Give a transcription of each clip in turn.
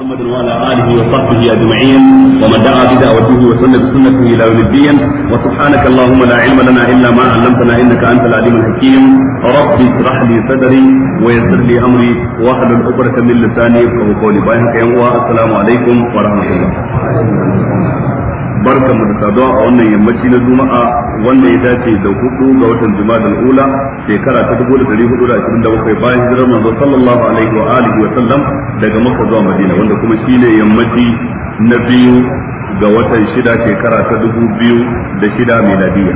محمد وعلى اله وصحبه اجمعين ومن دعا بدعوته وسن بسنته الى يوم الدين وسبحانك اللهم لا علم لنا الا ما علمتنا انك انت العليم الحكيم رب اشرح لي صدري ويسر لي امري واحد عقدة من لساني يفقهوا قولي بايعك يا السلام عليكم ورحمه الله barkan mu da saduwa a wannan yammaci na juma'a wanda ya dace da hudu ga watan juma'a ula shekara ta dubu da dari hudu da ashirin da bakwai bayan hijirar manzo sallallahu alaihi wa alihi wa sallam daga makka zuwa madina wanda kuma shine yammaci na biyu ga watan shida shekara ta dubu biyu da shida miladiyya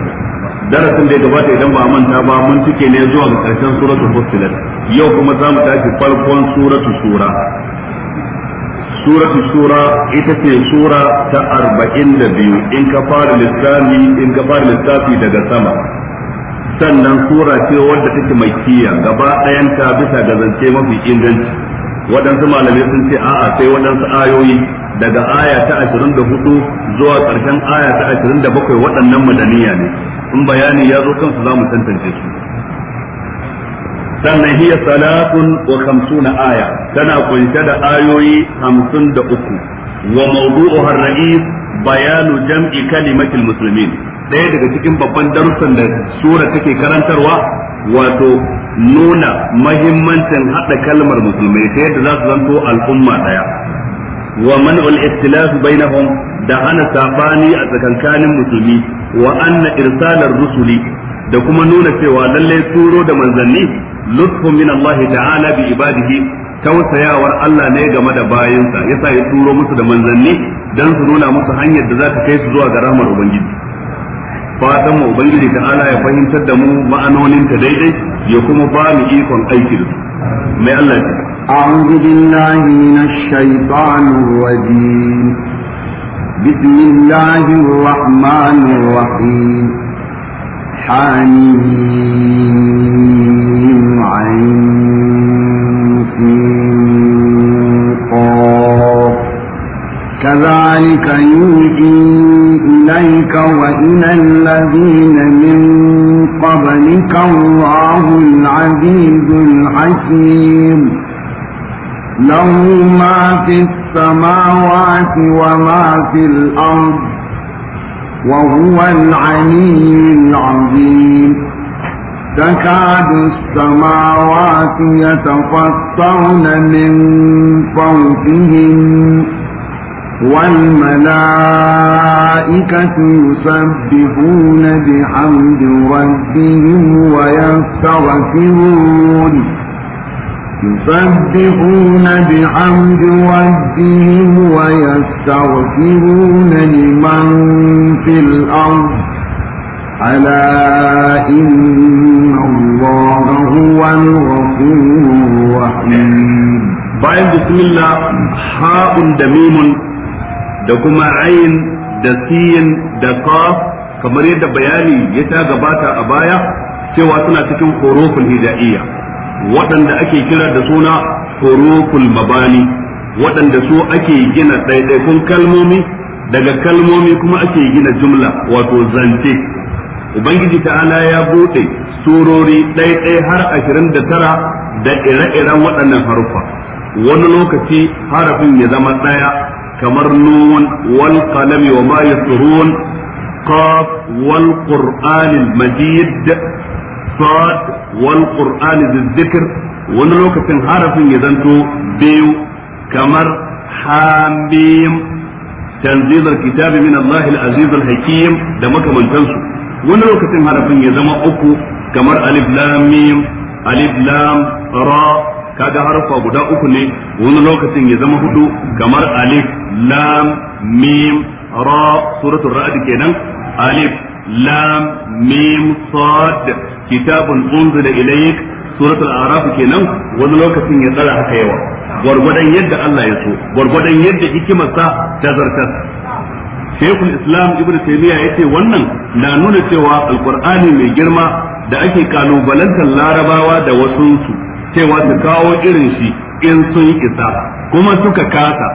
darasin da ya gabata idan ba a manta ba mun cike ne zuwa ga karshen suratul fussilat yau kuma za mu tashi farkon suratul sura suratu sura ita ce sura ta arba'in da biyu in ka fara lissafi in ka fara lissafi daga sama sannan sura ce wadda take mai kiya gaba ɗayanta bisa ga zance mafi inganci waɗansu malamai sun ce a'a sai waɗansu ayoyi daga aya ta hudu zuwa ƙarshen aya ta bakwai waɗannan madaniya ne in bayani ya zo kansu za mu tantance su sannan hiya salatun wa khamsuna aya tana kunshe da ayoyi hamsin da uku wa mawdu'uha ar-ra'is bayanu jam'i kalimatil muslimin ɗaya daga cikin babban darussan da sura take karantarwa wato nuna mahimmancin haɗa kalmar musulmai ta yadda za su zanto al'umma ɗaya wa man'ul ikhtilaf bainahum da hana sabani a tsakankanin musulmi wa anna irsalar rusuli da kuma nuna cewa lallai turo da manzanni lutfun min Allah ta'ala bi ibadihi tausayawar Allah ne game da bayinsa yasa ya turo musu da manzanni dan su nuna musu hanyar da za ta kai su zuwa ga rahmar ubangiji fatan mu ubangiji ta'ala ya fahimtar da mu ma'anonin ta daidai ya kuma ba mu ikon aiki da mai Allah ya أعوذ بالله من الشيطان Bismillahi بسم الله الرحمن كذلك يوجد إليك وإلى الذين من قبلك الله العزيز الحكيم له ما في السماوات وما في الأرض وهو العلي العظيم تكاد السماوات يتفطرن من فوقهم والملائكة يسبحون بحمد ربهم ويستغفرون يسبحون بحمد ربهم ويستغفرون لمن في الأرض ألا إن الله هو الغفور الرحيم bayan bismillah da mimun da kuma ayin da da kamar yadda bayani ya ta gabata a baya cewa suna cikin huruful hijaiyya waɗanda ake kira da suna huruful mabani waɗanda su ake gina ɗaiɗaikun kalmomi daga kalmomi kuma ake gina jumla wato zance ubangiji ta'ala ya bude surori ɗaiɗai har ashirin da tara da ire-iren waɗannan haruffa wani lokaci harafin ya zama ɗaya kamar nun wal qalami wa ma yasrun qaf wal majid sad wal qur'anil wani lokacin harafin ya zanto biyu kamar hamim tanzilul kitabi min Allah al-aziz al-hakim da makamantansu wani lokacin harafin ya zama uku kamar alif lam mim alif lam ra kaga harafa guda uku ne wani lokacin ya zama hudu kamar alif lam mim ra suratul ra'd kenan alif lam mim sad kitabun unzila ilayk suratul a'raf kenan wani lokacin ya tsara haka yawa gwargwadon yadda Allah ya so gwargwadon yadda hikimarsa ta zartar shekul islam ibnu taymiya yace wannan na nuna cewa alqur'ani mai girma da ake kalubalantar larabawa da wasu su cewa su kawo irin shi in sun isa kuma suka kasa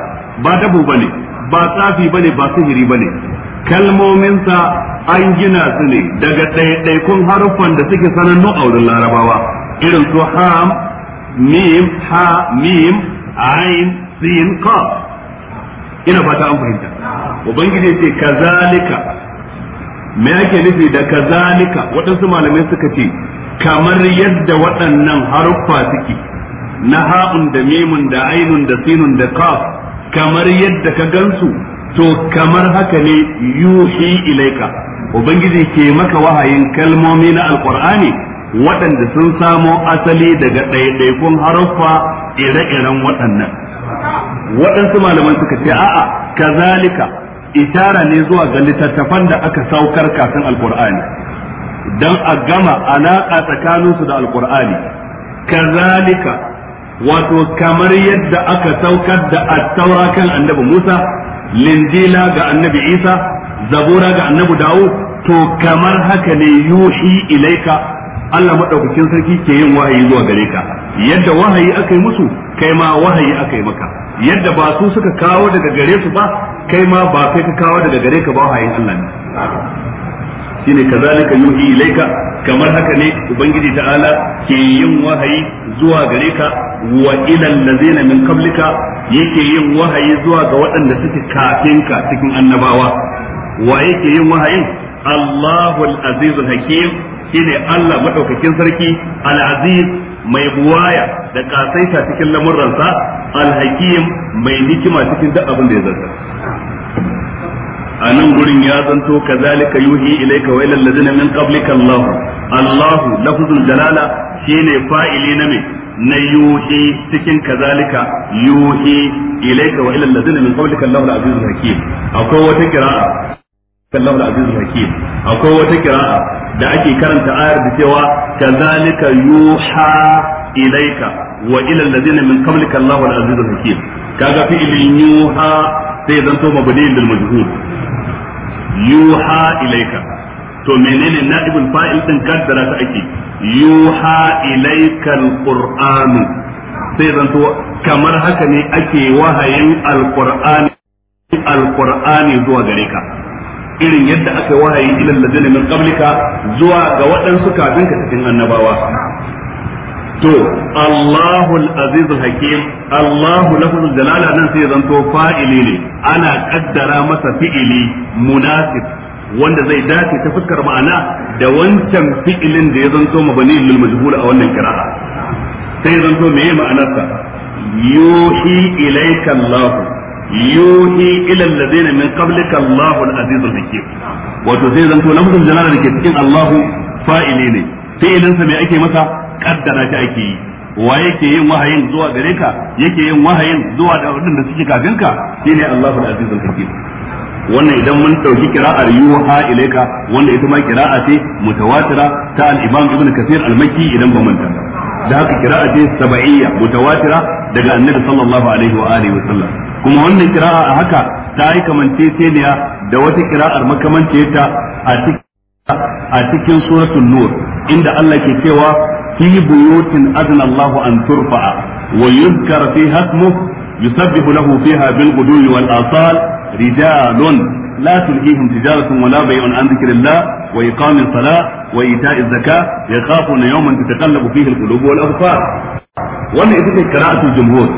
ba dabo bane ba tsafi bane ba sihiri bane kalmominsa an gina su ne daga ɗaiɗaikun haruffan da suke sanannu a wurin larabawa irin su ham mim ha mim ain sin qaf ina fata an fahimta ubangiji ce kazalika me yake nufi da kazalika waɗansu malamai suka ce kamar yadda waɗannan haruffa suke na ha'un da mimun da ainun da sinun da qaf kamar yadda ka gansu to kamar haka ne yuhi ilaika ubangiji ke maka wahayin kalmomi na alqur'ani waɗanda sun samo asali daga ɗaiɗaikun haruffa ire-iren waɗannan waɗansu malaman suka ce a'a kazalika itara ne zuwa ga littattafan da aka saukar kafin alkur'ani dan a gama tsakanin tsakaninsu da alkur'ani kazalika wato kamar yadda aka saukar da a taura kan annabi Musa linjila ga annabi Isa zabura ga annabi Dawud to kamar haka ne yuhi ilaika Allah madaukakin sarki ke yin wahayi zuwa gare ka yadda wahayi aka yi musu kai ma wahayi aka yi maka yadda ba su suka kawo daga gare su ba kai ma ba kai ka kawo daga gare ka ba wahayin Allah ne shine kazalika yuhi ilaika kamar haka ne ubangiji ta'ala ke yin wahayi zuwa gare ka wa ilal ladzina min qablika yake yin wahayi zuwa ga waɗanda suke kafin ka cikin annabawa wa yake yin wahayin Allahu azizul hakim shine Allah madaukakin sarki al-aziz mai buwaya da kasaita cikin lamurransa alhakim mai nikima cikin duk abin da ya zarta a nan gurin ya zanto kazalika yuhi ilayka wa ilal ladina min qablika Allah Allah lafzul jalala shine fa'ili na me na yuhi cikin kazalika yuhi ilayka wa ilal ladina min qablika Allah al-azizul hakim akwai wata qira'a kallahu al-aziz hakim akwai wata kira'a da ake karanta ayar da cewa kazalika yuha ilaika wa ila alladhina min qablika Allahu al-aziz hakim kaga fi'ilin yuha sai zanto mabni lil majhul yuha ilaika to menene na'ibul fa'il din kaddara ta ake yuha ilaika al-qur'an sai zanto kamar haka ne ake wahayin al-qur'ani al-qur'ani zuwa gare ka irin yadda aka wahayi ila alladhina min qablika zuwa ga waɗansu kafin ka cikin annabawa to Allahu al-aziz al-hakim Allahu lafzul jalala nan sai zanto fa'ili ne ana kaddara masa fi'ili munasib wanda zai dace ta fuskar ma'ana da wancan fi'ilin da ya zanto mabani lil majhul a wannan qira'a sai zanto meye ma'anarsa yuhi ilayka Allahu yuhi ila alladhina min qablika Allahu al-aziz al-hakim wato sai zanto lafazin jalala da ke cikin Allahu fa'ili ne Sai idan sa me ake masa kaddara ta ake yi wa yake yin wahayin zuwa gare ka yake yin wahayin zuwa da da suke kafin ka shine Allahu al-aziz al-hakim wannan idan mun dauki kira'ar yuha ilaika wanda ita ma kira'a ce mutawatira ta al-Imam Ibn Kathir al-Makki idan ba manta da haka kira'a ce sab'iyya mutawatira daga Annabi sallallahu alaihi wa alihi wa sallam kuma wannan kira'a a haka ta yi kamanceceniya da wata kira'ar makamanciyarta a cikin suratul nur inda Allah ke cewa fi buyutin azna Allahu an turfa'a wa yuzkar fi hasmuh yusabbihu lahu fiha bil ghudwi wal asal rijalun la tulhihim tijaratun wala bay'un an dhikrillah wa iqamis salah wa ita'iz zakah yakhafuna yawman tataqallabu fihi al qulub wal absar wannan ita ce qira'atul jumhur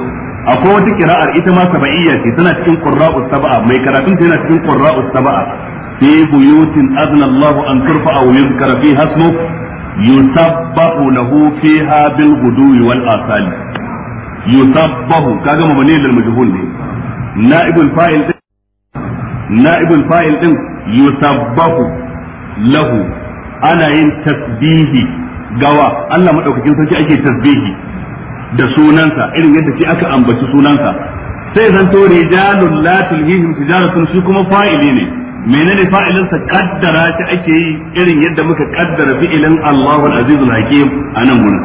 akwai wata kira'ar ita ma saba'iyya ce tana cikin qurra'us saba'a mai karatun ta cikin qurra'us saba'a. fi buyutin azna Allah an turfa'a wa yuzkara fi hasmu yusabbahu lahu fiha bil ghudwi wal asali yusabbahu kaga mabani lil majhul ne na'ibul fa'il din na'ibul fa'il din yusabbahu lahu ana yin tasbihi gawa Allah madaukakin sarki ake tasbihi da sunansa irin yadda shi aka ambaci sunansa sai zanto rijalul la tulhihim tijaratun shi kuma fa'ili ne menene fa'ilin sa kaddara shi ake yi irin yadda muka kaddara fi'ilin Allahu al-azizul hakim anan mun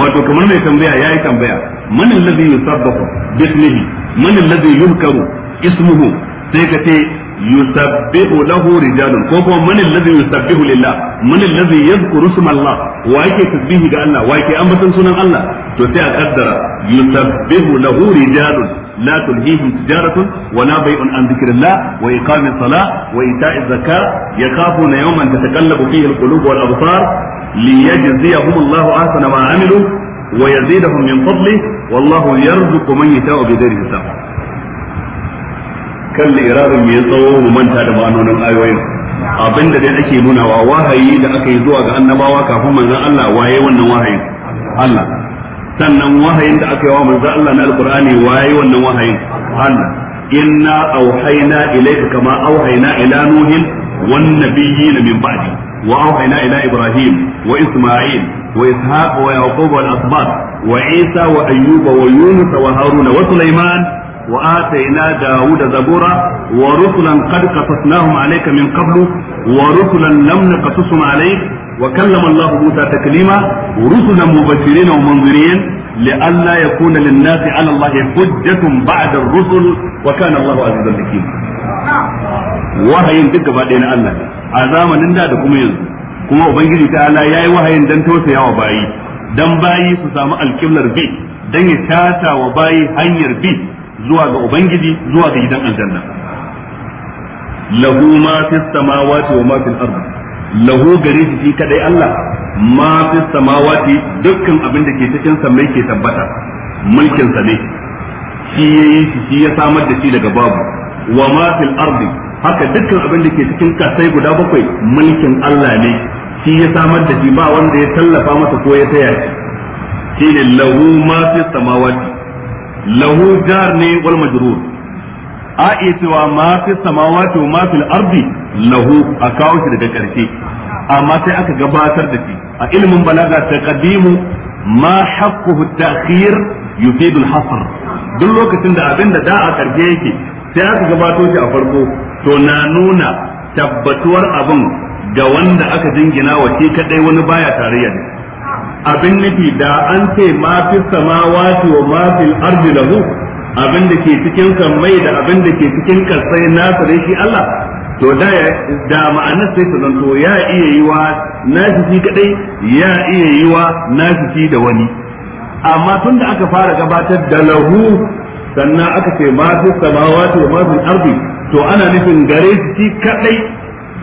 wato kamar mai tambaya yayi tambaya man alladhi yusabbahu bismihi man alladhi yuhkaru ismuhu sai ka ce yusabbihu lahu rijalun ko kuma man allazi yusabbihu lillah man allazi yadhkuru isma Allah wa tasbihi ga Allah wake yake sunan Allah to sai a kaddara yusabbihu lahu rijalun لا تلهيهم تجارة ولا بيع عن ذكر الله وإقام الصلاة وإيتاء الزكاة يخافون يوما تتقلب فيه القلوب والأبصار ليجزيهم الله أحسن ما عملوا ويزيدهم من فضله والله يرزق من يشاء بغير حساب kan lirarin mai tsawo mu manta da ma'anonin ayoyin abinda dai ake nunawa wahayi da aka yi zuwa ga annabawa kafin manzon Allah waye wannan wahayin Allah sannan wahayin da aka yi wa manzon Allah na alqur'ani waye wannan wahayin Allah inna auhayna ilayka kama auhayna ila nuhin wan nabiyyin min ba'di wa auhayna ila ibrahim wa isma'il wa ishaq wa yaqub wal asbat wa isa wa ayyuba wa yunus wa harun wa sulaiman wa atayna dawuda zabura wa rusulan qad qasasnahum alayka min qablu wa rusulan lam naqsusum alayk wa kallama Allah Musa rusulan لئلا يكون للناس على الله حجة بعد الرسل وكان الله عزيزا حكيما wahayin duk gaba na Allah a zamanin da da kuma yanzu kuma ubangiji ta Allah yayi wahayin dan tausayawa bayi dan bayi su samu alkiblar bi dan ya tata wa bayi hanyar bi zuwa ga ubangiji zuwa ga gidan aljanna lahu ma fi samawati wa ma fil ard lahu gare shi kadai Allah ma fi samawati dukkan abin da ke cikin samai ke tabbata mulkin sa ne shi yayi shi ya samar da shi daga babu wa ma fil ard haka dukkan abin da ke cikin kasai guda bakwai mulkin Allah ne shi ya samar da shi ba wanda ya tallafa masa ko ya taya shi shine lahu ma fi samawati lahu jar ne wal majrur a iya cewa ma fi samawati wa ma lahu a kawo shi daga karshe amma sai aka gabatar da shi a ilimin balaga taqdimu ma haqquhu ta'khir yufidu al-hasr duk lokacin da abin da da a yake sai aka gabato shi a farko to na nuna tabbatuwar abin ga wanda aka jingina wa shi kadai wani baya tarayya ne abin nufi da an ce ma fi samawati wa ma fi ardi lahu abin da ke cikin sammai da abin da ke cikin kasai na fare shi Allah to da da ma'ana sai ta zanto ya iya yiwa na shi kadai ya iya yiwa na shi da wani amma tun da aka fara gabatar da lahu sannan aka ce ma fi samawati wa ma fi ardi to ana nufin gare shi kadai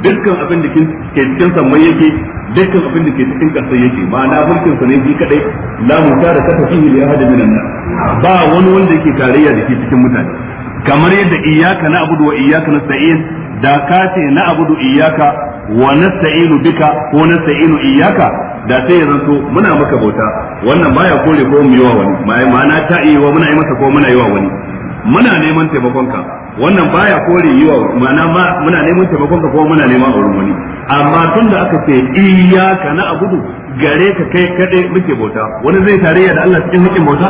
dukkan abin da ke cikin sammai yake dukkan abin da ke cikin ƙasa yake ma'ana mulkin sa ne shi kadai la mutara ka tafihi li ahadin minan nas ba wani wanda yake tarayya da ke cikin mutane kamar yadda iyyaka na'budu wa iyyaka nasta'in da ka ce na'budu iyyaka wa nasta'inu bika ko nasta'inu iyyaka da sai ya zanto muna maka bauta wannan baya kore ko mu yi wa wani ma'ana ta wa muna yi masa ko muna yi wa wani muna neman taimakonka wannan baya kore yiwa ma'ana ma muna neman taimakon ka ko muna neman aure wani amma tun da aka ce iyyaka a gudu gare ka kai kadai muke bauta wani zai tarayya da Allah cikin hakkin bauta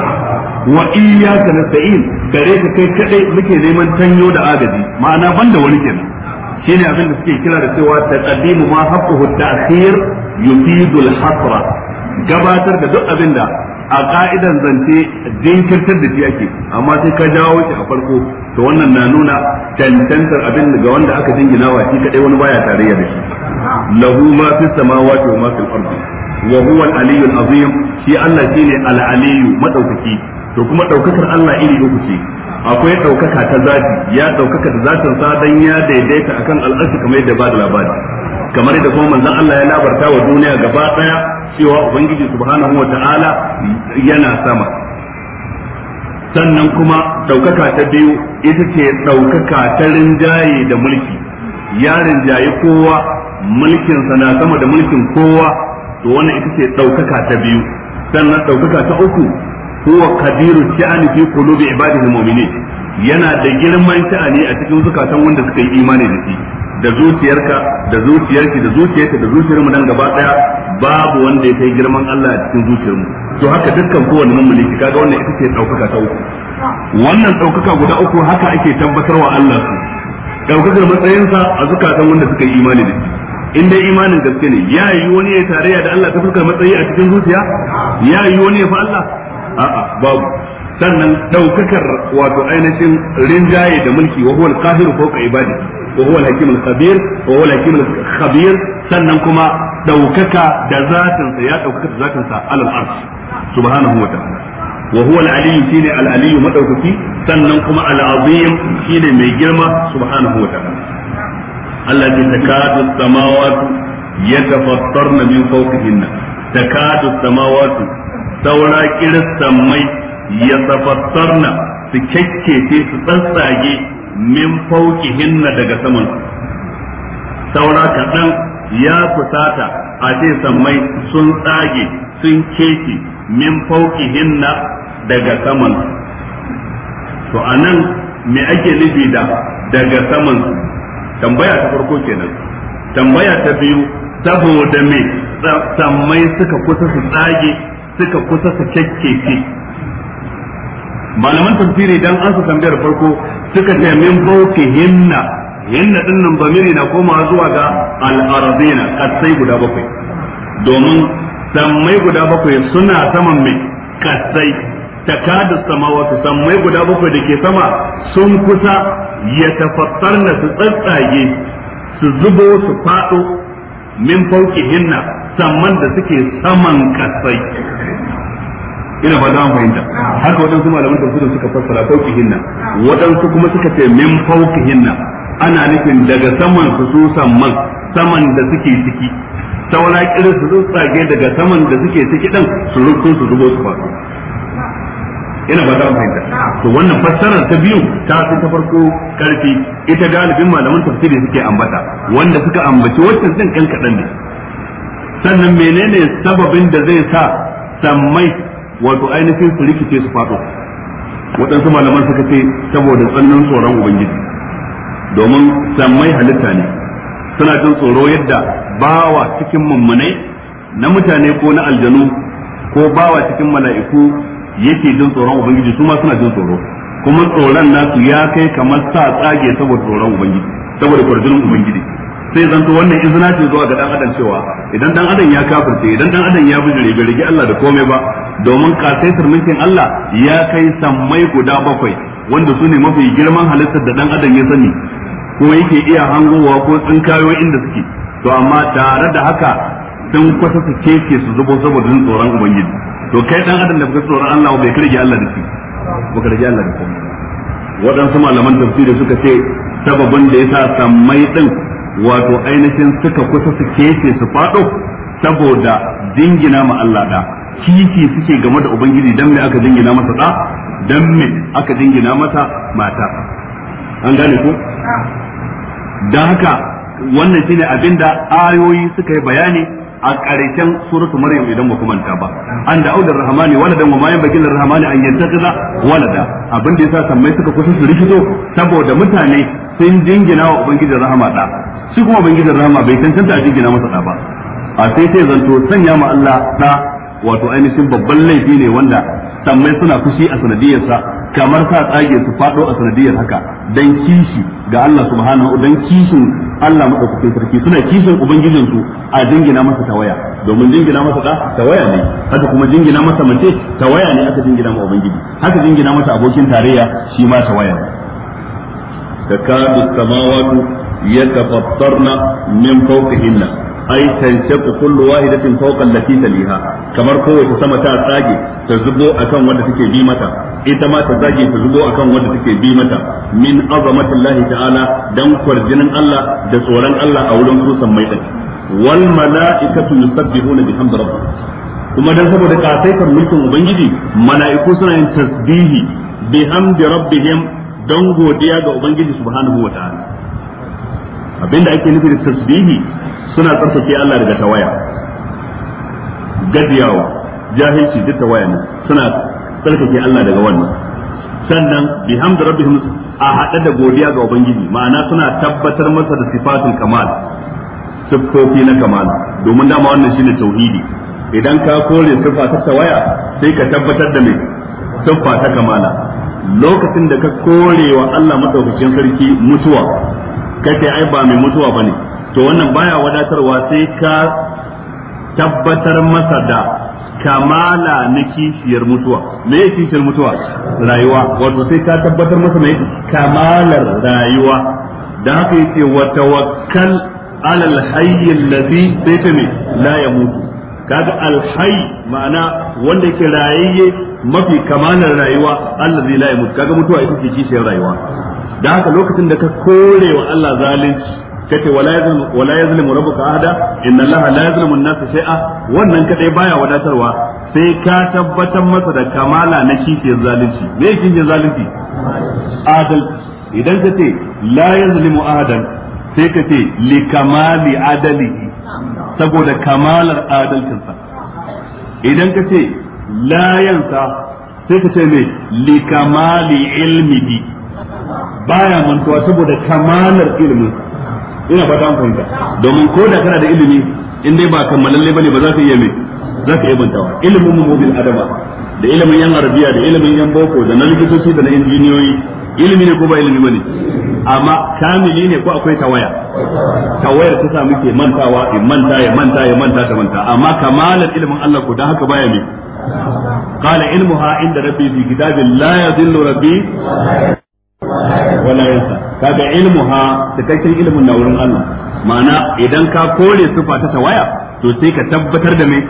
wa iyyaka nasta'in gare ka kai kadai muke neman tanyo da agaji ma'ana banda wani kenan shine abin da suke kira da cewa taqaddimu ma haqquhu ta'khir yufidu al-hasra gabatar da duk abin da a ka'idan zance jinkirtar da shi ake amma sai ka jawo shi a farko to wannan na nuna cancantar abin ga wanda aka jingina wa shi kadai wani baya tarayya da shi lahu ma fi samawati wa ma fil ardi wa huwa al-aliyyu al-azim shi Allah shine al-aliyyu madaukaki to kuma daukakar Allah iri uku ce akwai daukaka ta zati ya daukaka ta zatin sa dan ya daidaita akan al kamar yadda ba da labari kamar yadda kuma manzon Allah ya labarta wa duniya gaba daya cewa ubangiji subhanahu wa ta'ala yana sama sannan kuma ɗaukaka ta biyu ita ce ɗaukaka ta rinjaye da mulki ya rinjaye kowa mulkinsa na sama da mulkin kowa to wannan ita ce ɗaukaka ta biyu sannan ɗaukaka ta uku huwa kadiru sha'ani fi qulubi ibadihi mu'minin yana da girman sha'ani a cikin zukatan wanda suka yi imani da shi da zuciyarka da zuciyarki da zuciyarka da zuciyar mu dan gaba daya babu wanda ya kai girman Allah a cikin zuciyarmu to haka dukkan kowanne mummuni kaga wannan ita ce daukaka ta uku wannan daukaka guda uku haka ake tabbatarwa Allah su daukakar matsayinsa a zukatan wanda suka yi imani da shi in dai imanin gaske ne ya yi wani ya tarayya da Allah ta fuskar matsayi a cikin zuciya ya yi wani ya fa Allah a'a babu sannan daukakar wato ainihin rinjaye da mulki wa huwa al-qahiru fawqa ibadi wa huwa al-hakim al-khabir wa huwa al-hakim al-khabir sannan kuma daukaka da zatin sa ya daukaka da zatin sa alal arsh subhanahu wa ta'ala wa huwa al-aliy shine al-aliy madaukaki sannan kuma al-azim shine mai girma subhanahu wa ta'ala Allah ya takadu samawati yatafattarna min fawqihinna takadu samawati saura kiris mai. Ya na su kekkece su tsatsage min hinna daga saman saura kaɗan ya fusata a ce sammai sun tsage sun keke min hinna daga saman to a nan me ake nufi da daga saman tambaya ta farko kenan tambaya ta biyu saboda me sammai suka kusa su tsage suka kusa su kekkece malaman tafsiri dan an su tambayar farko suka ce min bauki hinna din nan bamiri na koma zuwa ga al-ardina kasai guda bakwai domin sammai guda bakwai suna saman mai kasai takadu samawatu sammai guda bakwai da ke sama sun kusa ya na su tsatsage su zubo su fado min hinna samman da suke saman kasai ina ba za fahimta haka waɗansu malaman tafsirin suka fassara hinna waɗansu kuma suka ce min hinna ana nufin daga saman su su samman saman da suke ciki saura kirin su tsage daga saman da suke ciki ɗan su rukun su zubo su fasu ina ba za fahimta to wannan fassarar ta biyu ta fi ta farko karfi ita galibin malaman tafsiri suke ambata wanda suka ambaci wacce din kan kaɗan ne sannan menene sababin da zai sa sammai wato ainihin su rikice su faɗo waɗansu malaman suka ce saboda tsannan tsoron ubangiji domin sammai halitta ne suna jin tsoro yadda bawa cikin mummunai na mutane ko na aljanu ko bawa cikin mala'iku yake jin tsoron ubangiji su ma suna jin tsoro kuma tsoron nasu ya kai kamar sa tsage saboda tsoron ubangiji saboda kwarjinin ubangiji sai zanto wannan izina ce zuwa ga dan adam cewa idan dan adam ya kafirce idan dan adam ya bijire bai rigi Allah da komai ba domin kasaitar mulkin Allah ya kai sammai guda bakwai wanda su ne mafi girman halittar da dan adam ya sani ko yake iya hangowa ko tsinkayo inda suke to amma tare da haka sun kwasa su keke su zubo saboda jin tsoron ubangiji to kai dan adam da baka tsoron Allah bai kirge Allah da shi baka rage Allah da wadansu waɗansu malaman tafsiri suka ce sababin da yasa sammai din wato ainihin suka kusa su keke su fado saboda dingina ma Allah da kishi suke game da ubangiji dan me aka dingina masa da dan me aka dingina masa mata an gane ko dan haka wannan shine abinda ayoyi suka yi bayani a karshen suratu maryam idan ba manta ba an da audar rahmani waladan wa ma yanbaghi lir rahmani an wala walada abin da yasa sammai suka kusa su rikido saboda mutane sun dingina wa ubangiji rahama da shi kuma ubangiji rahama bai tantance a dingina masa da ba a sai sai zanto sanya ma Allah da wato ainihin babban laifi ne wanda sammai suna fushi a sanadiyarsa kamar sa tsage su fado a sanadiyar haka dan kishi ga Allah subhanahu dan kishin Allah madaukakin sarki suna kishin ubangijin su a jingina masa tawaya domin jingina masa da tawaya ne haka kuma jingina masa mace tawaya ne aka jingina ma ubangiji haka jingina masa abokin tarayya shi ma tawaya ne takadu samawati yatafattarna min fawqihinna ai tanshaqu kullu wahidatin fawqa allati taliha kamar kowace sama ta tsage ta zubo akan wanda take bi mata ita ma ta tsage ta zubo akan wanda take bi mata min azamatillahi ta'ala dan kwarjinin Allah da tsoron Allah a wurin kusan mai din wal mala'ikatu yusabbihuna bihamdi rabbih kuma dan saboda kasaitar mulkin ubangiji mala'iku suna yin tasbihi bihamdi rabbihim dan godiya ga ubangiji subhanahu wa ta'ala abinda ake nufi da tasbihi suna tsarkake Allah daga tawaya gajiyawa jahilci duk tawaya ne suna tsarkake Allah daga wannan sannan bihamd rabbihim a hada da godiya ga ubangiji ma'ana suna tabbatar masa da sifatul kamal sifofi na kamal domin dama wannan shine tauhidi idan ka kore siffa ta tawaya sai ka tabbatar da mai siffa ta kamala lokacin da ka korewa Allah madaukakin sarki mutuwa kace ai ba mai mutuwa bane to wannan baya wadatarwa sai ka tabbatar masa da kamala na kishiyar mutuwa me ya kishiyar mutuwa rayuwa wato sai ka tabbatar masa mai kamalar rayuwa da haka yake wa tawakkal alal hayy alladhi sai ta la mutu. kaga al hayy ma'ana wanda yake rayayye mafi kamalar rayuwa allazi la yamutu kaga mutuwa ita ce kishiyar rayuwa da haka lokacin da ka kore wa Allah zalunci kace wala yazlimu wala yazlimu rabbuka ahada inna allaha la yazlimu an-nasa shay'a wannan kadai baya wadatarwa sai ka tabbatar masa da kamala na kike zalunci me kifin zalunci adalci idan ka ce la yazlimu ahadan sai ka ce li kamali adalihi saboda kamalar adalcinsa idan ka ce la yansa sai ka ce me li kamali ilmihi baya mantuwa saboda kamalar ilimin ina fata an fahimta domin ko da kana da ilimi in dai ba kammalalle bane ba za ka iya mai za ka iya mantawa ilimin mu mobil adaba da ilimin yan arabiya da ilimin yan boko da na likitoci da na injiniyoyi ilimi ne ko ba ilimi bane amma kamili ne ko akwai tawaya tawayar ta sa muke mantawa in manta ya manta ya manta ta manta amma kamalar ilimin Allah ko da haka baya ne قال علمها عند ربي في كتاب لا يضل ربي wala yansa kaga ilmuha cikakken ilmin na wurin Allah ma'ana idan ka kore sufa ta tawaya to sai ka tabbatar da mai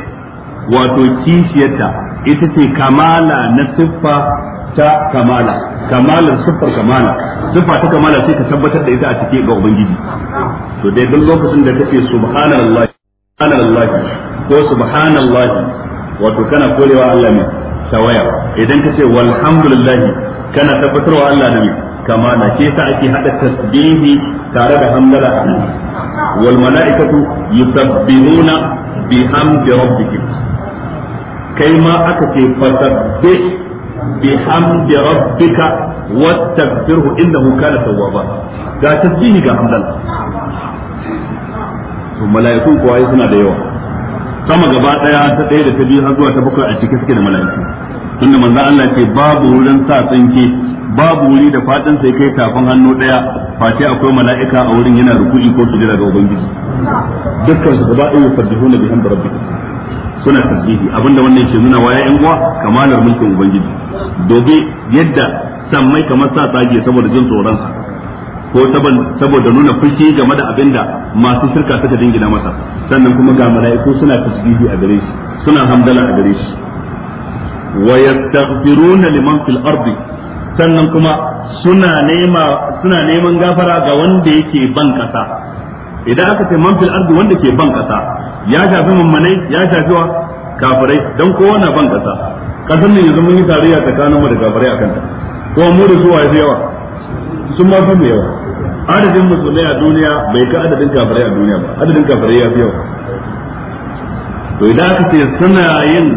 wato kishiyarta ita ce kamala na siffa ta kamala kamalar siffar kamala siffa ta kamala sai ka tabbatar da ita a cikin ga ubangiji to dai duk lokacin da kace subhanallahi subhanallahi ko subhanallahi wato kana korewa Allah ne tawaya idan kace walhamdulillah kana tabbatarwa Allah da ne kamala ce ta ake hada tasbihi tare da hamdala wal mala'ikatu yusabbihuna bihamdi rabbihim kai ma aka ce fasabbih bihamdi rabbika wastaghfirhu innahu kana tawwaba ga tasbihi ga suna da yawa sama gaba daya ta daya da ta biyu har zuwa ta bakwai a cike suke da mala'iku tunda manzo Allah ce babu wurin sa tsinke babu wuri da fatan sai kai tafin hannu daya face akwai mala'ika a wurin yana ruku'i ko sujada ga ubangiji dukkan su gaba ɗaya fardihuna bihamdi rabbi. suna tasbihi abinda wannan ke nuna wa yayin uwa kamalar mulkin ubangiji dobe yadda sammai kamar sa tsage saboda jin tsoron sa ko saboda nuna fushi game da abinda masu shirka suka dingina masa sannan kuma ga mala'iku suna tasbihi a gare shi suna hamdala a gare shi wa yastaghfiruna liman fil ardi sannan kuma suna nema suna neman gafara ga wanda yake ban kasa idan aka ce man fil ardi wanda ke ban kasa ya shafi mummunai ya shafi wa kafirai dan kowa na ban kasa kasan ne yanzu mun yi tarayya tsakanin mu da kafirai akan ta ko mu da su waye yawa sun ma sun yawa adadin musulmai a duniya bai ka adadin kafirai a duniya ba adadin kafirai ya fi yawa to idan aka ce suna yin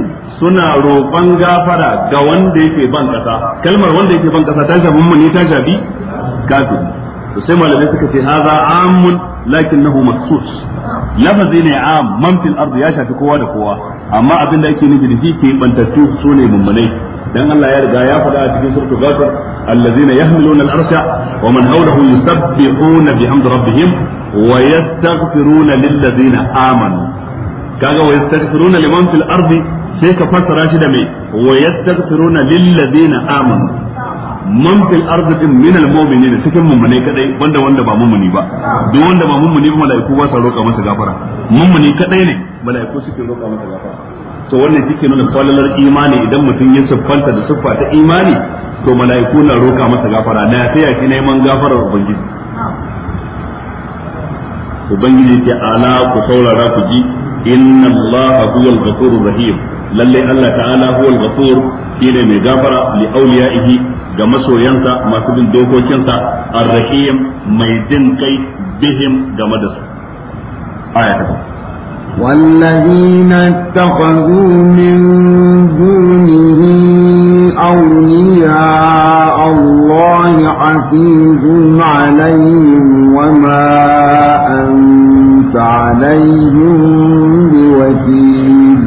suna roƙon gafara ga wanda yake ban ƙasa kalmar wanda yake ban ƙasa ta shafi mun ne ta shafi kafin to sai malamai suka ce haza amun lakinnahu maksus lafazi ne am man fil ardi ya shafi kowa da kowa amma abin da yake nufi da shi ke bantattu sune mummunai dan Allah ya riga ya faɗa a cikin suratul ghafir allazina yahmiluna al-arsha wa man hawlahu yusabbihuna bihamdi rabbihim wa yastaghfiruna lil ladzina amanu kaga wa yastaghfiruna liman fil ardi sai ka fassara shi da mai wa yastaghfiruna lillazina amanu man fil ardi min al mu'minina cikin mummune kadai wanda wanda ba mummuni ba duk wanda ba mummuni ba malaiku ba sa roƙa masa gafara mummuni kadai ne malaiku suke roƙa masa gafara to wannan yake nuna kwallalar imani idan mutum ya siffanta da siffa ta imani to mala'iku na roka masa gafara na ya ci neman gafarar ubangiji ubangiji ke ala ku saurara ku ji inna allaha huwal ghafurur rahim Lallai Allah ta'ala huwal ghafur shine mai gafara li auliyaihi ga masoyansa masu bin dokokinsa ar-rahim mai jin kai bihim game da su aya ta والذين اتخذوا من دونه أولياء الله حفيظ عليهم وما أنت عليهم بوكيل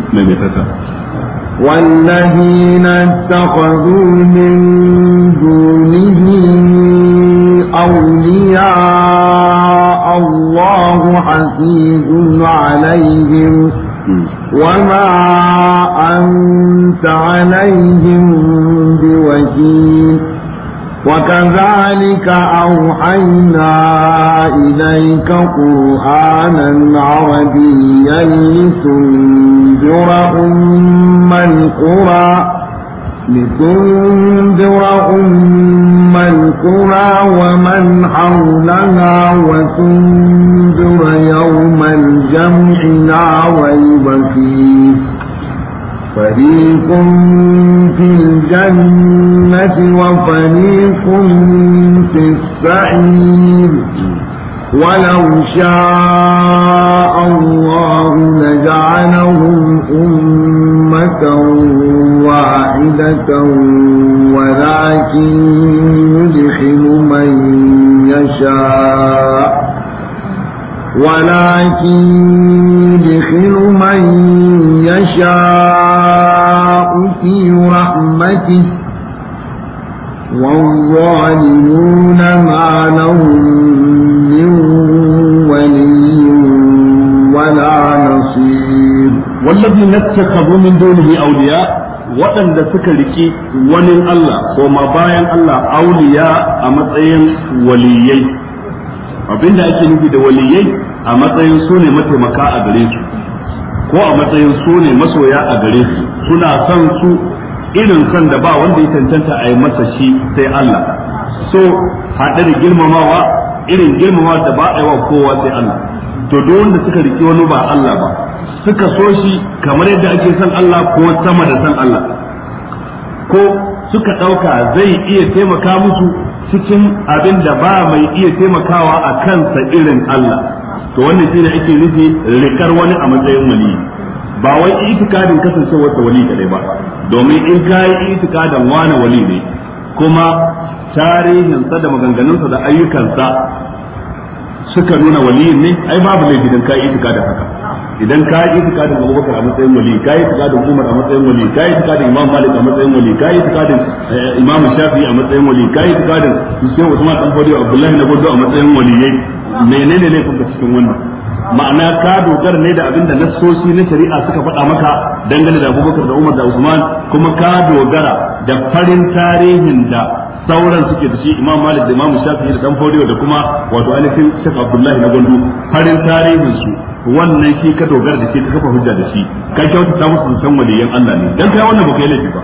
والذين اتخذوا من دونه أولياء الله حفيظ عليهم وما أنت عليهم بوكيل وكذلك أوحينا إليك قرآنا عربيا لتنذر أم القرى لتنذر أم القرى ومن حولها وتنذر يوم الجمع لا ريب فيه فريق في الجنة وفريق في السعير ولو شاء الله لجعلهم أمة واحدة ولكن يدخل من يشاء ولكن يدخل من يشاء في رحمته والظالمون ما لهم من ولي ولا نصير والذين اتخذوا من دونه أولياء waɗanda suka riƙi wani Allah ko ma bayan Allah auliya a matsayin waliyai Abin da ake nufi da waliyai a matsayin su ne mataimaka a gare su ko a matsayin su ne masoya a gare su suna son su irin son da ba wanda ya tantanta a yi masa shi sai Allah so haɗe da girmamawa irin girmamawa da ba a yi wa kowa sai Allah to duk wanda suka riki wani ba Allah ba suka so shi kamar yadda ake son Allah ko sama da son Allah ko suka ɗauka zai iya taimaka musu cikin abin da ba mai iya taimakawa a kansa irin Allah to wannan ne ake nufi rikar wani a matsayin wali ba wai itikadin wasu wali kadai ba domin in ka yi itikadin wani wali ne kuma tarihinsa da maganganunsa da ayyukansa suka nuna waliyin ne ai babu laifi dan ka yi itikadin haka idan ka yi Abu Abubakar a matsayin wali ka yi da Umar a matsayin wali ka yi da Imam Malik a matsayin wali ka yi da eh, Imam Shafi'i a matsayin wali ka yi itikadin Hussein Usman dan Fodiyo Abdullahi na Godo a matsayin wali menene ne kuma cikin wannan ma'ana ka dogara ne da abinda nassosi na shari'a suka faɗa maka dangane da Abubakar da Umar da Usman kuma ka dogara da farin tarihin da sauran suke da shi imam malik da imam shafi da dan fodiyo da kuma wato alifin shaka abdullahi na Gondo farin tarihin su wannan shi ka dogara da shi ka kafa hujja da shi ka ta musu san waliyan Allah ne dan kai wannan baka yi laifi ba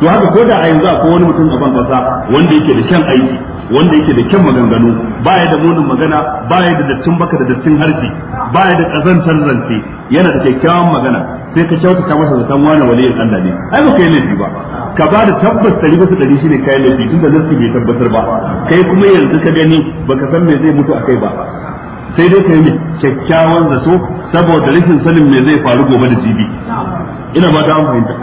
to haka ko da a yanzu akwai wani mutum a ban kasa wanda yake da kyan aiki wanda yake da kyan maganganu baya da munin magana baya da dattin baka da dattin harfi baya da kazantar zance yana da kyakkyawan magana sai ka kyautata masa da san wani waliyin Allah ne ai ba kai laifi ba ka ba da tabbas dari bisa dari shine kai laifi tunda zai bai tabbatar ba kai kuma yanzu ka gani baka san me zai mutu akai ba sai dai kai ne kyakkyawan zato saboda rashin sanin me zai faru gobe da jibi ina ba da amfani da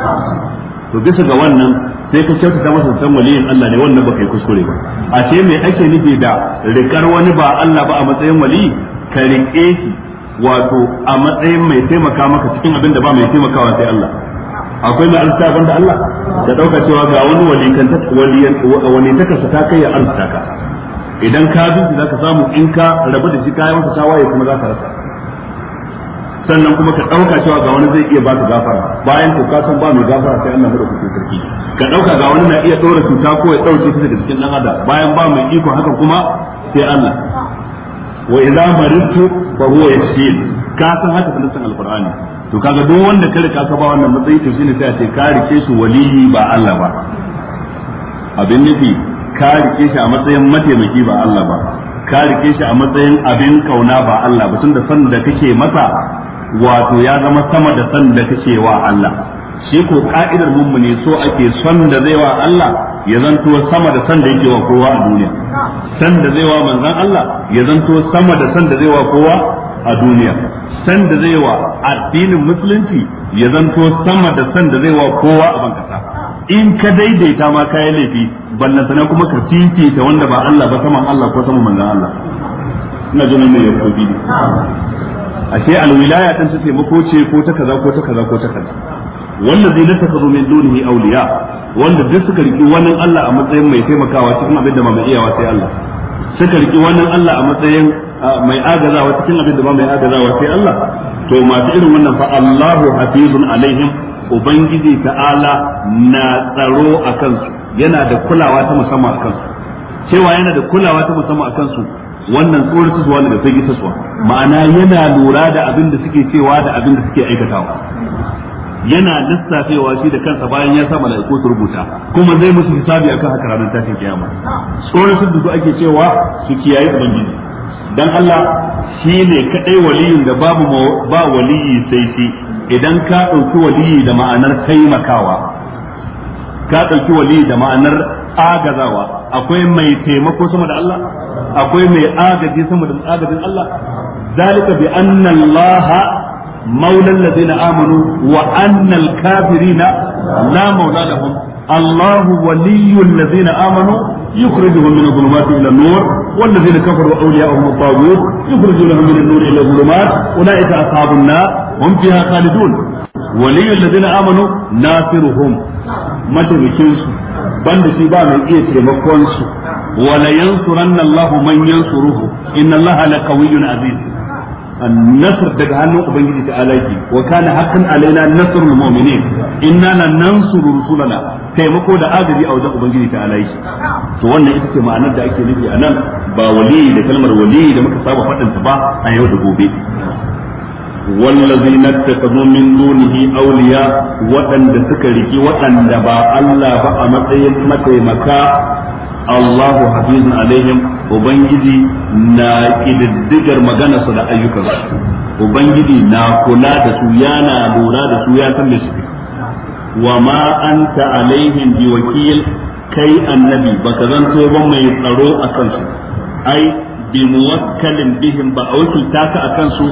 to bisa ga wannan sai ka kyauta ta masa san waliyin Allah ne wannan baka yi kuskure ba a ce me ake nufi da rikar wani ba Allah ba a matsayin wali ka rike shi wato a matsayin mai taimaka maka cikin abin da ba mai taimakawa sai Allah akwai mai arzuta banda Allah da dauka cewa ga wani wani kasa ta kai ya arzuta ka idan ka bi za ka samu in ka rabu da shi kayan ta waye kuma za ka rasa sannan kuma ka ɗauka cewa ga wani zai iya baka gafara bayan to ka san ba mai gafara sai Allah madaukakin sarki ka ɗauka ga wani na iya ɗora cuta ko ya ɗauke ta daga cikin ɗan adam bayan ba mai iko haka kuma sai Allah wa idza maridtu fa huwa yashfin ka san haka falasan alqur'ani to kaga duk wanda ka rika ka ba wannan matsayi to shine sai a ce ka rike shi waliyi ba Allah ba abin nufi ka rike shi a matsayin mataimaki ba Allah ba ka rike shi a matsayin abin kauna ba Allah ba tunda san da kake masa wato ya zama sama da san da kake wa Allah shi ko ka'idar mummuni so ake son da zai wa Allah ya zanto sama da san da yake wa kowa a duniya san da zai wa manzan Allah ya zanto sama da san da zai wa kowa a duniya san da zai wa addinin musulunci ya zanto sama da san da zai wa kowa a bankasa in ka daidaita ma kayan laifi ballan sana kuma ka ta wanda ba Allah ba saman Allah ko saman manzan Allah ina jin mai bi ashe alwilaya din ta ko ce ko ta kaza ko ta kaza ko ta kaza wallazi nattakhadhu min dunihi awliya wanda duk suka riki wannan Allah a matsayin mai taimakawa cikin abin da ba mai iyawa sai Allah suka riki wannan Allah a matsayin mai agazawa cikin abin da ba mai agazawa sai Allah to masu irin wannan fa Allahu hafizun alaihim ubangiji ta'ala na tsaro a kansu yana da kulawa ta musamman a kansu cewa yana da kulawa ta musamman a kansu wannan su wanda da firgitarwa ma'ana yana lura da abin da suke cewa da abin da suke aikatawa yana lissafewa shi da kansa bayan ya sa mala'iku su rubuta kuma zai musu hisabi akan haka ranar tashin kiyama tsoron sun da ake cewa su kiyaye ubangiji dan Allah shi ne kadai waliyin da babu ba waliyi sai shi idan ka dauki waliyi da ma'anar taimakawa ka dauki waliyi da ma'anar agazawa akwai mai taimako sama da Allah akwai mai agaji sama da agajin Allah zalika bi anna Allah مولى الذين آمنوا وأن الكافرين لا مولى لهم الله ولي الذين آمنوا يخرجهم من الظلمات إلى النور والذين كفروا أولياءهم الطاغوت يخرجونهم من النور إلى الظلمات أولئك أصحاب النار هم فيها خالدون ولي الذين آمنوا ناصرهم متى بكنسوا بند سيبا من إيه مكونسوا ولا ينصرن الله من ينصره إن الله لقوي عزيز النصر تجعلنا أبنجي تعالي وكان حقا علينا نصر المؤمنين إننا ننصر رسولنا taimako da adali a wajen ubangiji ta alayi to wannan ita ce ma'anar da ake nufi a nan ba wali da kalmar wali da muka saba faɗin ta ba a yau da gobe wallazina tattabu min dunihi awliya wadanda suka riki wadanda ba Allah ba a matsayin mataimaka Allahu hafizun alaihim ubangiji na kididdigar magana su da ayyukan su ubangiji na kula da su yana lura da su ya san su wa ma anta alaihim biwakil kai annabi baka zanto ba mai tsaro a kansu ai bi muwakkalin bihim ba wakil taka a kansu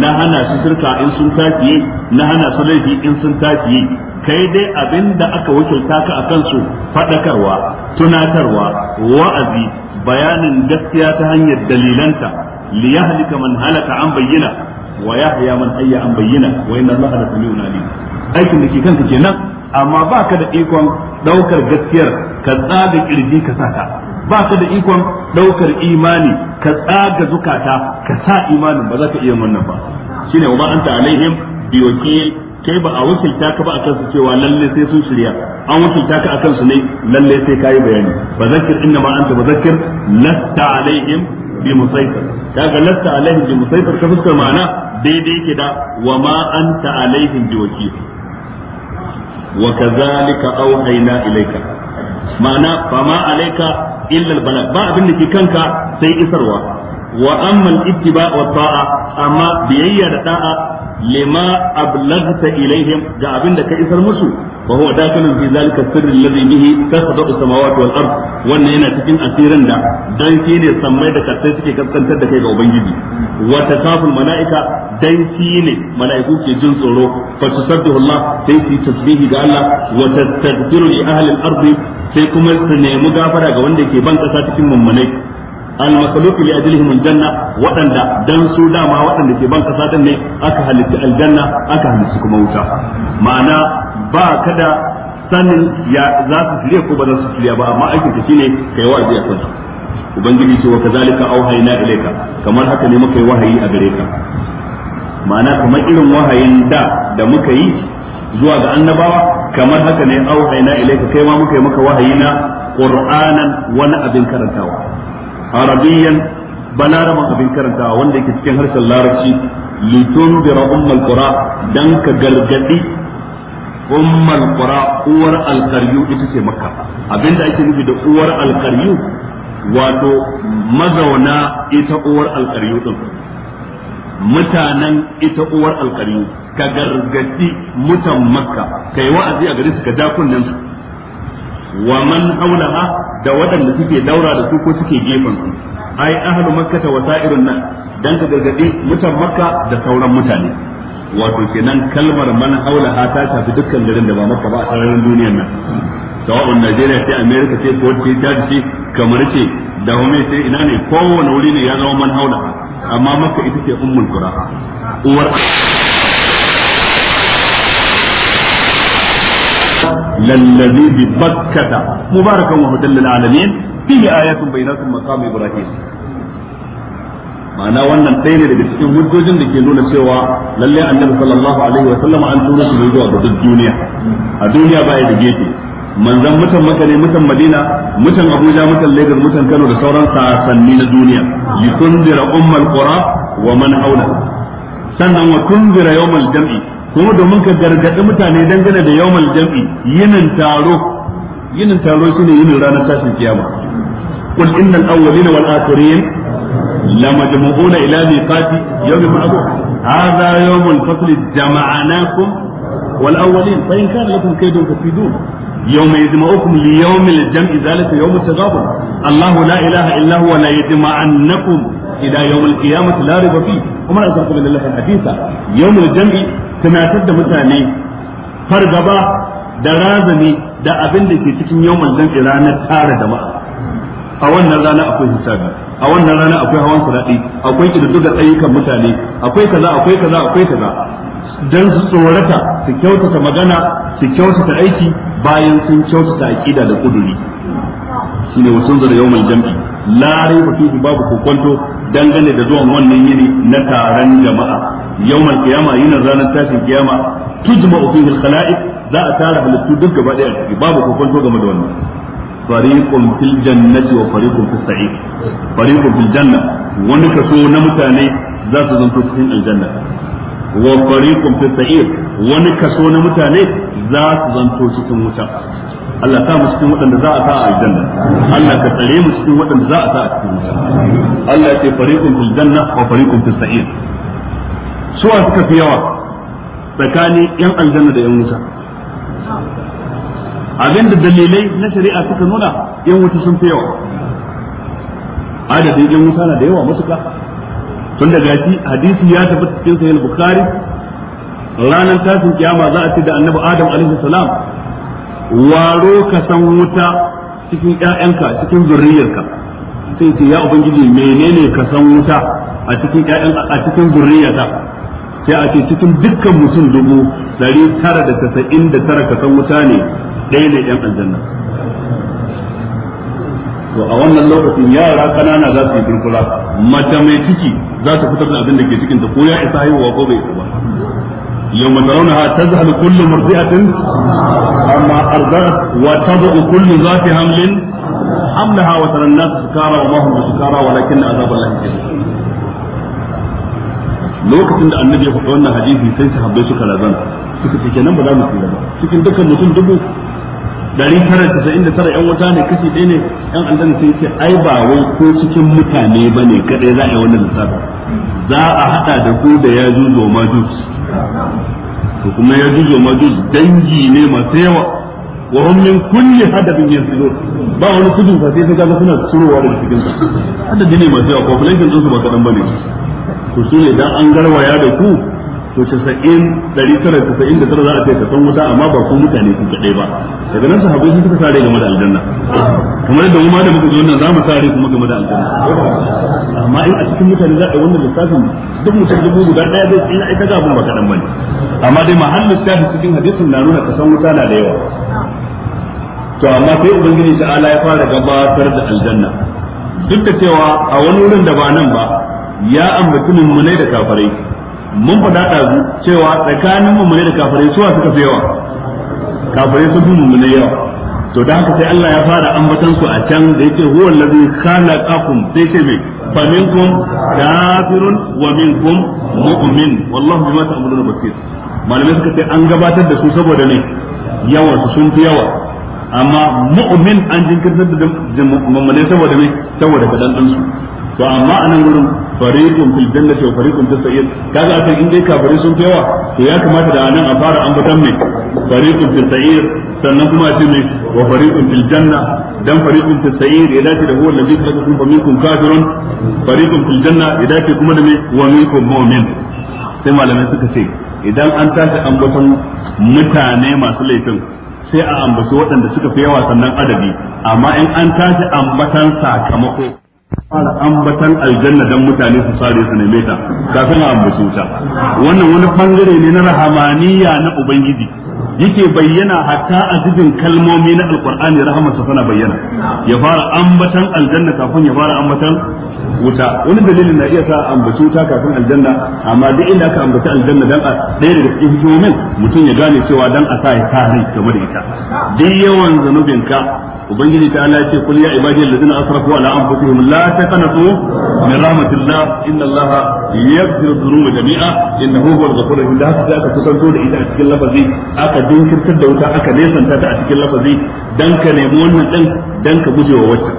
na hana su shirka in sun tafiye na hana su laifi in sun tafiye kai dai abinda aka wakilta ka akan su fadakarwa tunatarwa wa'azi bayanin gaskiya ta hanyar dalilanta liyahlika man halaka an bayyana wa yahya man hayya an bayyana wa inna allaha la sami'un alim aikin ke kanka kenan amma baka da ikon daukar gaskiyar ka tsaga kirji ka saka baka da ikon daukar imani ka tsaga zukata ka sa imanin ba za ka iya wannan ba shine wa ma anta alaihim biwakil kai ba a wakilta ka ba a kansu cewa lalle sai sun shirya an wakilta ka a kansu ne lalle sai kai bayani fa zakir inna ma anta muzakkir lasta alaihim bi musaitir kaga lasta alaihim bi musaitir ka fuskar ma'ana daidai yake da wa ma anta alaihim bi wakil wa kadhalika awhayna ilayka ma'ana fa ma alayka illa albalag ba abin da ke kanka sai isarwa wa amma al-ittiba wa ta'a amma biyayya da da'a lima ablaghta ilaihim ga abin da ka isar musu fa huwa dakalun fi zalika sirri alladhi bihi tasdaqu samawati wal ard wannan yana cikin asirin da dan shi ne sammai da kasai suke kaskantar da kai ga ubangiji wata takaful malaika dan shi ne malaiku ke jin tsoro fa tusabbihu Allah sai su tasbihi ga Allah wata tastaghfiru li ahli sai kuma su nemi gafara ga wanda ke ban kasa cikin mummunai al-makhluqu li ajlihim al-janna waɗanda dan su dama waɗanda ke ban kasa din ne aka halitta aljanna ka halitta kuma wuta ma'ana ba kada sanin ya za su shirya ko ba za su shirya ba amma aikin ka shine kai wa zai kwanta ubangiji ce wa kazalika auhayna kamar haka ne yi a gare ka ma'ana kamar irin wahayin da da muka yi zuwa ga annabawa kamar haka ne auhayna ilayka kai ma muka maka wahayi na qur'anan wani abin karantawa arabiyyan balaraban abin karantawa wanda yake cikin harshen larabci litun bi ummul qura dan ka gargadi ummul qura uwar alqaryu ita ce makka abinda ake nufi da uwar alqaryu wato mazauna ita uwar alqaryu din mutanen ita uwar alqaryu ka gargadi mutan makka kai wa'azi a gare su ka ja kunnen su wa man haulaha da waɗanda suke daura da su ko suke gefen su ai ahlu makka wa sa'irun nan dan ka gargaɗi mutan makka da sauran mutane wato kenan kalmar man haulaha ta tafi dukkan garin da ba makka ba a sararin duniyar nan sawa'un Najeriya sai America sai ko ce Chad ce kamar ce da wani sai ina ne kowane wuri ne ya zama man haulaha amma makka ita ce ummul qura'a uwar lallazi bi bakkata mubarakan wa hudan lil alamin fihi ayatun bayyinatun maqam ibrahim ma'ana wannan ɗaya ne daga cikin hujjojin da ke nuna cewa lallai annabi sallallahu alaihi wa sallama an tura shi zuwa ga duk duniya a duniya baya da gefe manzan mutan maka mutan madina mutan abuja mutan lagos mutan kano da sauran sasanni na duniya li tundira ummal qura wa man haula sannan wa tunzira yawmal jam'i kuma domin ka gargaɗi mutane dangane da yawon jam'i yinin taro yinin taro shi ne ranar tashin kiyama kun inda awwalin wal akhirin la majmu'un ila miqati yawm ma'dud hadha yawm al fasl jama'anakum wal awwalin fa in kana lakum kaydun tafidun يوم يجمعكم ليوم الجمع ذلك يوم التغابن الله لا إله إلا هو لا يجمعنكم إلى يوم القيامة لا ريب فيه kuma na da lillahi hadisa yawmul jam'i tunatar da mutane fargaba da razani da abin da ke cikin yawmul jam'i ranar tara ma'a a wannan rana akwai hisabi a wannan rana akwai hawan sirati akwai kididdigar ayyukan mutane akwai kaza akwai kaza akwai kaza dan su tsorata su kyautata magana su kyautata aiki bayan sun kyautata aqida da kuduri shine wasun zara yawmul jam'i la raiba fihi babu kokonto dangane da zuwan wannan yini na taron jama'a yawmal qiyama yin ranar tashin kiyama tujma'u fihi al-khala'iq za a tara halittu duk gaba daya ciki babu kokonto game da wannan fariqun fil jannati wa fariqun fis sa'id fariqun fil janna wani kaso na mutane za su zanto cikin aljanna wa fariqun fis sa'id wani kaso na mutane za su zanto cikin wuta Allah ta mu cikin waɗanda za a sa a aljanna Allah ka tsare mu cikin waɗanda za a sa a cikin wuta Allah ya ce fariqun fil janna wa fariqun fis sa'ir suwa suka fi yawa tsakanin yan aljanna da yan wuta abinda dalilai na shari'a suka nuna yan wuta sun fi yawa adadin yan wuta na da yawa matuƙa tun da gashi hadisi ya tabbata cikin sahih bukhari ranar tashin kiyama za a ce da annabi adam alaihi salam waro ka san wuta cikin ƴaƴanka cikin zurriyarka sai ce ya ubangiji menene ka san wuta a cikin ƴaƴan a cikin zurriyata sai a ce cikin dukkan mutum dubu dari tara da tasa'in da tara ka san wuta ne ɗaya ne ɗan aljanna to a wannan lokacin yara kanana za su yi kurkura mace mai ciki za ta fitar da abin da ke cikin ta ko ya isa haihuwa ko bai isa ba يوم ترونها تذهل كل مرضئة أما أرضعت وتضع كل ذات حمل حملها وترى الناس سكارى وما هم بسكارى ولكن عذاب الله كبير lokacin da annabi ya faɗi wannan hadisi sai su sahabbai suka razana suka ce kenan ba za mu tsira ba cikin dukkan mutum dubu dari tara tasa'in da tara yan wata ne kashi ɗaya ne yan aljanna sun ce ai ba wai ko cikin mutane ba ne kaɗai za a yi wannan lissafi za a haɗa da ku da ya zo ma dus to kuma ya juzo juz dangi ne masu yawa wa hum min kulli hadabin yanzurun ba wani kudu fa sai kaga suna tsurowa da cikin sa hadadi ne masu yawa population din su ba kadan bane to sune dan an garwaya da ku to tara da tara za a ce ka san wuta amma ba ku mutane ku kadai ba daga nan sahabbai sun suka sare game da aljanna kamar da mu ma da muka zo nan za mu sare kuma game da aljanna amma in a cikin mutane za a yi wannan duk mutum dubu guda daya zai tsina ita ga abun ba kadan bane amma dai mahallin tafi cikin hadisin na nuna ka san wuta na da yawa to amma sai ubangiji ala ya fara gabatar da aljanna duk da cewa a wani wurin da ba nan ba ya ambaci mummunai da kafirai mun da su cewa tsakanin mummune da kafirai suwa suka fi yawa kafirai sun fi mummune yawa to da haka sai Allah ya fara ambatan su a can da yake huwa allazi khalaqakum sai ce me faminkum kafirun wa minkum mu'min wallahu bima ta'maluna basir malamai suka ce an gabatar da su saboda ne yawa su sun fi yawa amma mu'min an jinkirtar da mummune saboda ne saboda kadan su to amma a nan gurin fariqun fil jannati wa fariqun fis sa'ir kaga akan in dai kafare sun fi yawa to ya kamata da anan a fara an batan mai fariqun fis sa'ir sannan kuma a ce mai wa fariqun fil janna dan fariqun fis sa'ir ya dace da huwa allazi khalaqakum fa minkum kafirun fariqun fil janna ya dace kuma da mai wa minkum mu'min sai malamai suka ce idan an tashi an batan mutane masu laifin sai a ambaci waɗanda suka fi yawa sannan adabi amma in an tashi ambatan sakamako fara ambatan aljanna dan mutane su sare su neme ta kafin a ambace ta wannan wani bangare ne na rahamaniya na ubangiji yake bayyana hatta a cikin kalmomi na alqur'ani rahmatu tana bayyana ya fara ambatan aljanna kafin ya fara ambatan wuta wani dalilin na iya sa ambaci wuta kafin aljanna amma duk inda aka ambaci aljanna dan a ɗaya daga cikin hikimomin mutum ya gane cewa dan a sa ya kare game da ita duk yawan zanubinka ubangiji ta Allah ce kul ya ibadi allazina asrafu ala anfusihim la taqnatu min rahmatillah inna allaha yaghfiru dhunuba jami'a innahu huwal ghafurur rahim da haka ka kusanto da ita a cikin lafazi aka dinkirtar da wuta aka nesanta ta a cikin lafazi dan ka nemi wannan dan dan ka gujewa wata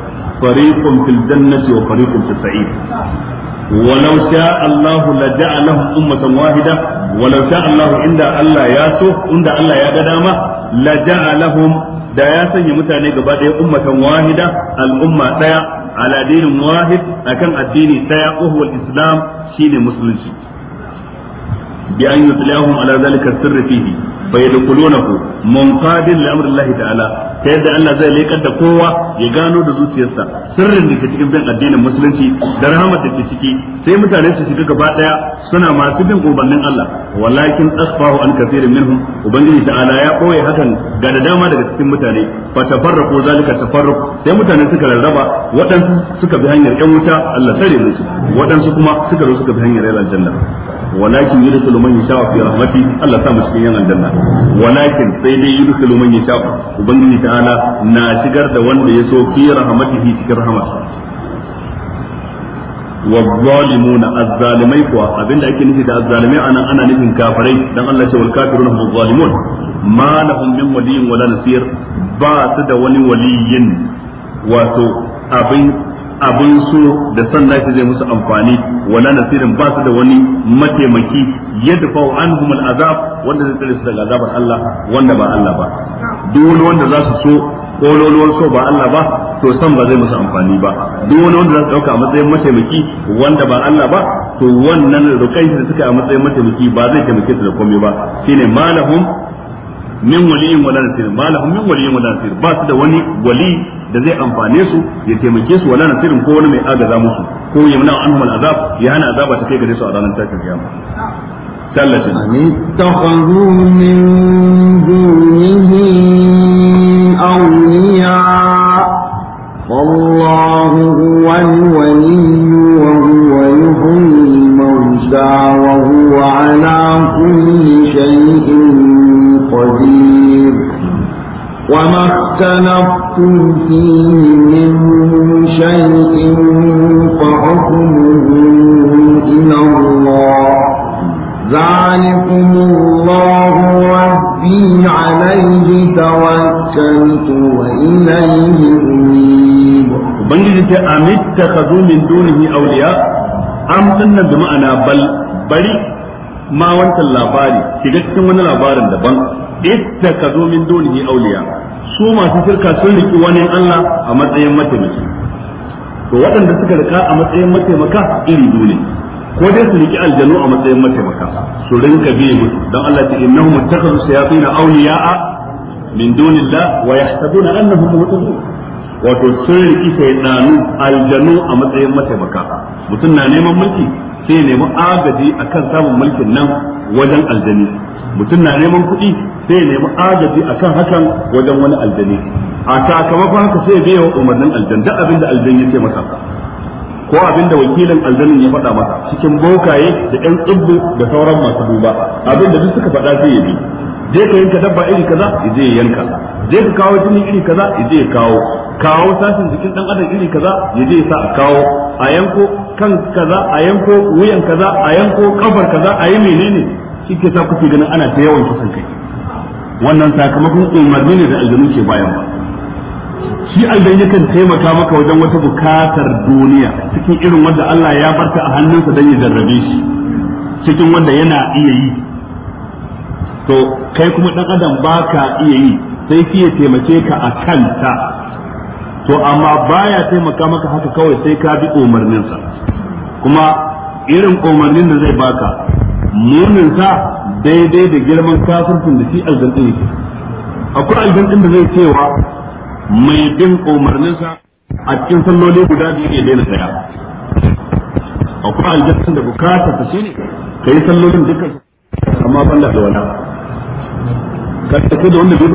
fariqun fil jannati wa fariqun fis sa'id ولو شاء الله لجعلهم أمة واحدة ولو شاء الله عند الله ياسو عند الله يا لجعلهم da ya sanya mutane gaba ɗaya ummatan wahida al'umma ɗaya ala dinin wahid kan addini ɗaya uhu islam shine musulunci bi an yutlahum ala zalika sirri fihi fa yadkhulunahu munqadin li amri Allah ta'ala ta yadda Allah zai leƙar da kowa ya gano da zuciyarsa sirrin da ke cikin bin addinin musulunci da rahmat da ke ciki sai mutane su shiga gaba daya suna masu bin ubannin Allah walakin asfahu an kaseerin minhum ubangiji ta'ala ya koye hakan ga da dama daga cikin mutane fa tafarraqu zalika tafarruq sai mutane suka rarraba waɗansu suka bi hanyar ƴan wuta Allah sare musu waɗansu kuma suka zo suka bi hanyar aljanna walakin yudkhilu man yasha fi rahmati Allah sa mu cikin yan aljanna walakin sai dai yudkhilu man yasha ubangiji ta'ala na shigar da wanda ya so fi rahmatihi cikin rahmatsa والظالمون الظالمين كوا abinda ake nufi da azzalimai anan ana nufin kafirai dan Allah ya ce wal kafiruna hum zalimun ma lahum min waliyyin wala nasir ba su da wani waliyyin wato abin abin so da son nashi zai musu amfani wala nasirin ba su da wani mataimaki yadda fa'u anhum azab wanda zai tsare su daga azabar Allah wanda ba Allah ba duk wani wanda za su so kololuwar so ba Allah ba to san ba zai musu amfani ba duk wani wanda za su dauka a matsayin mataimaki wanda ba Allah ba to wannan rukai da suka a matsayin mataimaki ba zai taimake su da komai ba shine malahum min waliyin wala nasir ma lahum min waliyin wala nasir ba su da wani wali da zai amfane su ya taimake su wala nasirin ko wani mai agaza musu ko ya mana anhum azab ya hana azaba ta kai gare su a ranar takin kiyama sallatin an ittakhadhu min dunihi awliya wallahu huwal waliyyu wa huwa yuhyil mawta wa huwa ala kulli shay'in وما اختلفتم فيه من شيء فحكمه إلى الله ذلكم الله ربي عليه توكلت وإليه أنيب بنجد أم اتخذوا من دونه أولياء أم أن بمعنى بل بل ma wancan labari shiga cikin wani labarin daban ittakazu min dunihi awliya su masu shirka sun riki wani Allah a matsayin mataimaki to waɗanda suka rika a matsayin mataimaka iri dole ko dai su riki aljanu a matsayin mataimaka su rinka biye musu don Allah ta innahum ittakhadhu shayatin awliya'a min dunillah wa yahsabuna annahum muhtadun wato sun riki shaytanu aljanu a matsayin mataimaka mutum na neman mulki sai nemi agaji akan samun mulkin nan wajen aljani mutum na neman kuɗi sai nemi agaji akan hakan wajen wani aljani a sakamakon haka sai biya wa umarnin aljan duk abin aljan ya ce masa ko abinda da wakilin aljanin ya faɗa masa cikin bokaye da ƴan tsibbu da sauran masu duba abin da duk suka faɗa sai ya bi zai ka yanka dabba iri kaza ya je ya yanka Zai ka kawo jini iri kaza ya je ya kawo kawo sasin jikin dan adam iri kaza ya je ya sa a kawo a yanko kan kaza a yanko wuyan kaza a yanko kafar kaza a yi menene shi ke sa kuke ganin ana ta yawan kisan kai wannan sakamakon umarni ne da aljanu ke bayan ba shi aljan yakan taimaka maka wajen wata bukatar duniya cikin irin wanda Allah ya barta a hannunsa don ya jarrabe shi cikin wanda yana iya yi to kai kuma dan adam baka iya yi sai shi taimake ka a kanta to amma baya taimaka maka haka kawai sai ka bi umarninsa kuma irin umarnin da zai baka muninsa daidai da girman kafircin da shi aljandin yake akwai aljandin da zai cewa mai bin umarninsa a cikin salloli guda biyu yake daina saya akwai aljandin da bukatar ta ka kai sallolin dukkan amma banda da wani ka tafi da wanda bai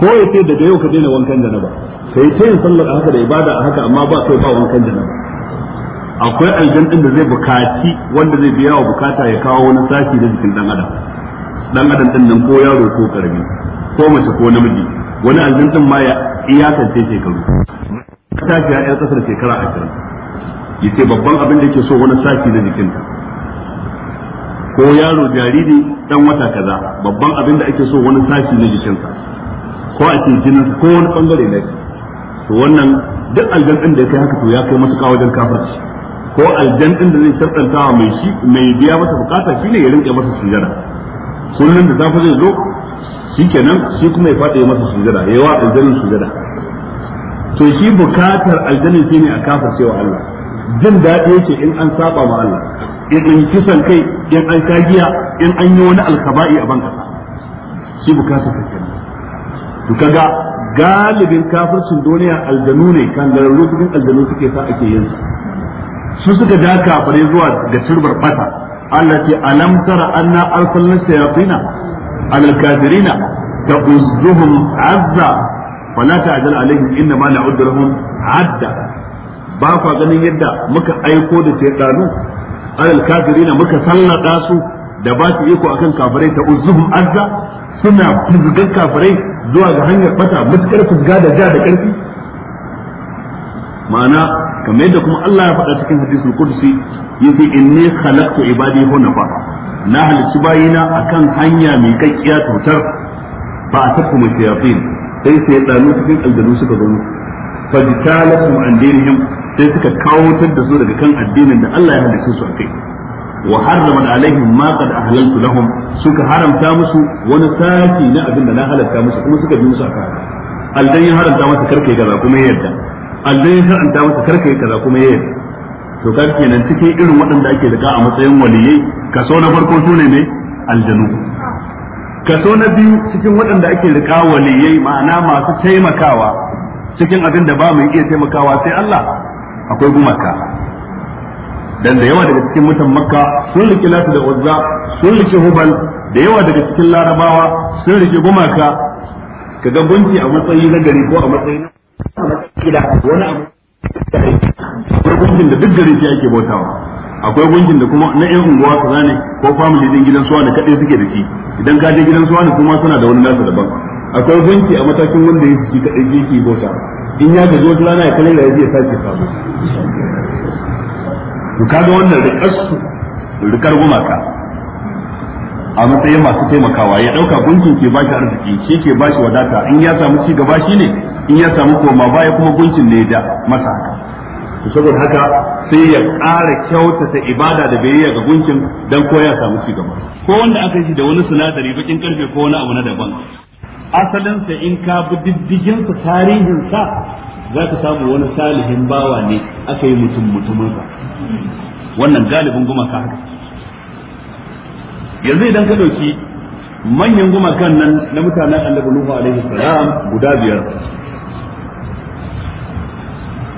ko ya ce daga yau ka daina wankan da na janaba kai ta yin sallar haka da ibada a haka amma ba kai ba wankan da na ba. akwai aljan din da zai bukaci wanda zai biya wa bukata ya kawo wani sashi da jikin dan adam dan adam din nan ko yaro ko karami ko mace ko namiji wani aljan din ma ya iyakance shekaru ta ya yar kasar shekara 20 yace babban abin da yake so wani sashi da jikinta ko yaro jariri dan wata kaza babban abin da ake so wani sashi na jikinsa ko a ce jinin ko wani bangare na to wannan duk aljan din da ya kai haka to ya kai matuƙa wajen kafirci ko aljan din da zai wa mai shi mai biya masa bukata shine ya rinka masa sujada kullun da zafi zai zo shikenan shi kuma ya fada masa sujada yayi wa aljanin sujada to shi bukatar aljanin shine a kafircewa Allah jin daɗi yake in an saba ma Allah Idan kisan kai in an kagiya in an yi wani alkaba'i a ban kasa shi bukatar ta kenan to kaga galibin kafircin duniya aljanu ne kan gararru cikin aljanu suke sa ake yin su su suka da kafare zuwa ga turbar fata Allah ce alam tara anna arsalna shayatina alal kafirina ta'uzuhum azza wala ta'jal alaihim inna ma na'uddu lahum adda ba kwa ganin yadda muka aiko da shaytanu alal kafirina muka sallada su da ba su iko akan kafirai ta uzuhum azza suna fuzgan kafirai zuwa ga hanyar bata mutkar fuzga da ja da karfi ma'ana kamar yadda kuma Allah ya faɗa cikin hadisul qudsi yace inni khalaqtu ibadi hunafa na halicci bayina akan hanya mai kakkiya tutar ba a tafi mu shayatin sai aljanu suka zo mu fajtalakum sai suka kawotar da su daga kan addinin da Allah ya halitta su a kai wa harrama alaihim ma qad ahlaltu lahum suka haramta musu wani sati na abin da na halatta musu kuma suka bi musu aka aldan ya haramta masa karkai kaza kuma ya yarda aldan ya haramta masa karkai kaza kuma ya yarda to ka kenan cikin irin waɗanda ake da a matsayin waliyai kaso na farko sune ne aljanu kaso na biyu cikin waɗanda ake rika waliyai ma'ana masu taimakawa cikin abin da ba mu iya taimakawa sai Allah akwai gumaka dan da yawa daga cikin mutan makka sun rike lati da uzza sun rike hubal da yawa daga cikin larabawa sun rike gumaka ka ga gunki a matsayi na gari ko a matsayi na wani abu akwai gunkin da duk gari ce ake bautawa akwai gunkin da kuma na 'yan unguwa su zane ko family din gidan suwa da kaɗai suke da shi idan ka je gidan suwa ne kuma suna da wani nasu daban akwai gunki a matakin wanda ya fi kaɗai ke bauta in ya gaji wata rana ya kalle da yaji sake samu to kaga wannan rikar rikar gumaka a matsayin masu taimakawa ya dauka gunkin ke bashi arziki shi ke bashi wadata in ya samu ci gaba shi ne in ya samu koma baya kuma gunkin ne da masa haka to saboda haka sai ya ƙara kyautata ibada da biyayya ga gunkin dan ko ya samu ci gaba ko wanda aka yi da wani sinadari bakin karfe ko wani abu na daban asalinsa in ka bi diddigin sa tarihin sa za ka samu wani salihin bawa ne aka yi mutum mutumin sa wannan galibin gumaka haka yanzu idan ka dauki manyan gumakan nan na mutanen annabi nuhu alaihi salam guda biyar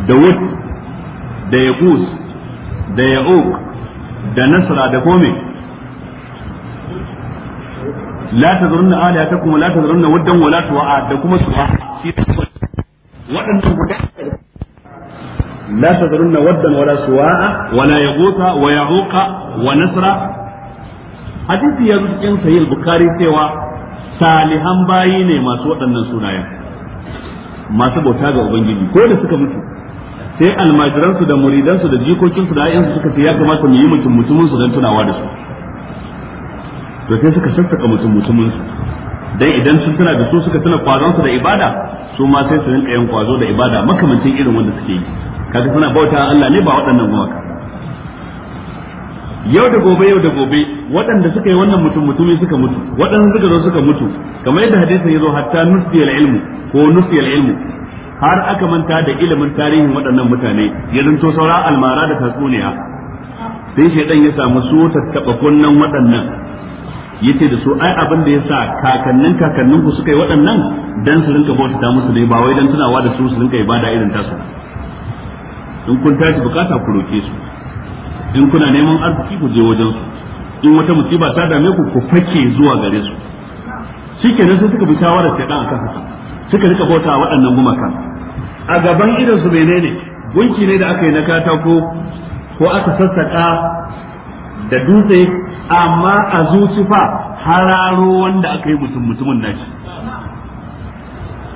da wut da yaqus da ya'uq da nasra da komai. la تذرن alihatakum la tazurunna waddan wala tu'a da kuma su'a waɗannan guda la tazurunna waddan wala su'a wala yaghutha wa ya'uqa wa nasra hadisi ya bukhari salihan bayi ne masu waɗannan sunayen masu bauta ga ubangiji ko da suka mutu sai almajiransu da muridansu da jikokinsu da ayyansu suka ce ya kamata mu yi mutum mutumin su don tunawa da su to sai suka sassaka mutum mutumin su dan idan sun tana da su suka tana kwazon su da ibada su ma sai su rinka yin kwazo da ibada makamancin irin wanda suke yi kaga suna bauta Allah ne ba waɗannan gumaka yau da gobe yau da gobe waɗanda suka yi wannan mutum mutumi suka mutu waɗanda suka zo suka mutu kamar yadda hadisin ya zo hatta nusiyal ilmu ko nusiyal ilmu har aka manta da ilimin tarihin waɗannan mutane ya zanto saura almara da tatsuniya sai shaidan ya samu su tattaɓa kunnen waɗannan yace da su ai abin da yasa kakannin kakannin ku suka yi waɗannan dan su rinka bauta musu dai ba wai dan tunawa da su su rinka ibada irin tasu in kun tashi bukata ku roke su in kuna neman arziki ku je wajen su in wata musiba ta dame ku ku fake zuwa gare su shikenan sai suka bi shawarar sai dan akan haka suka rika bauta waɗannan gumaka a gaban idan su menene gunki ne da aka yi na katako ko aka sassaka da dutse amma a zuci fa hararo wanda aka yi mutum mutumin nashi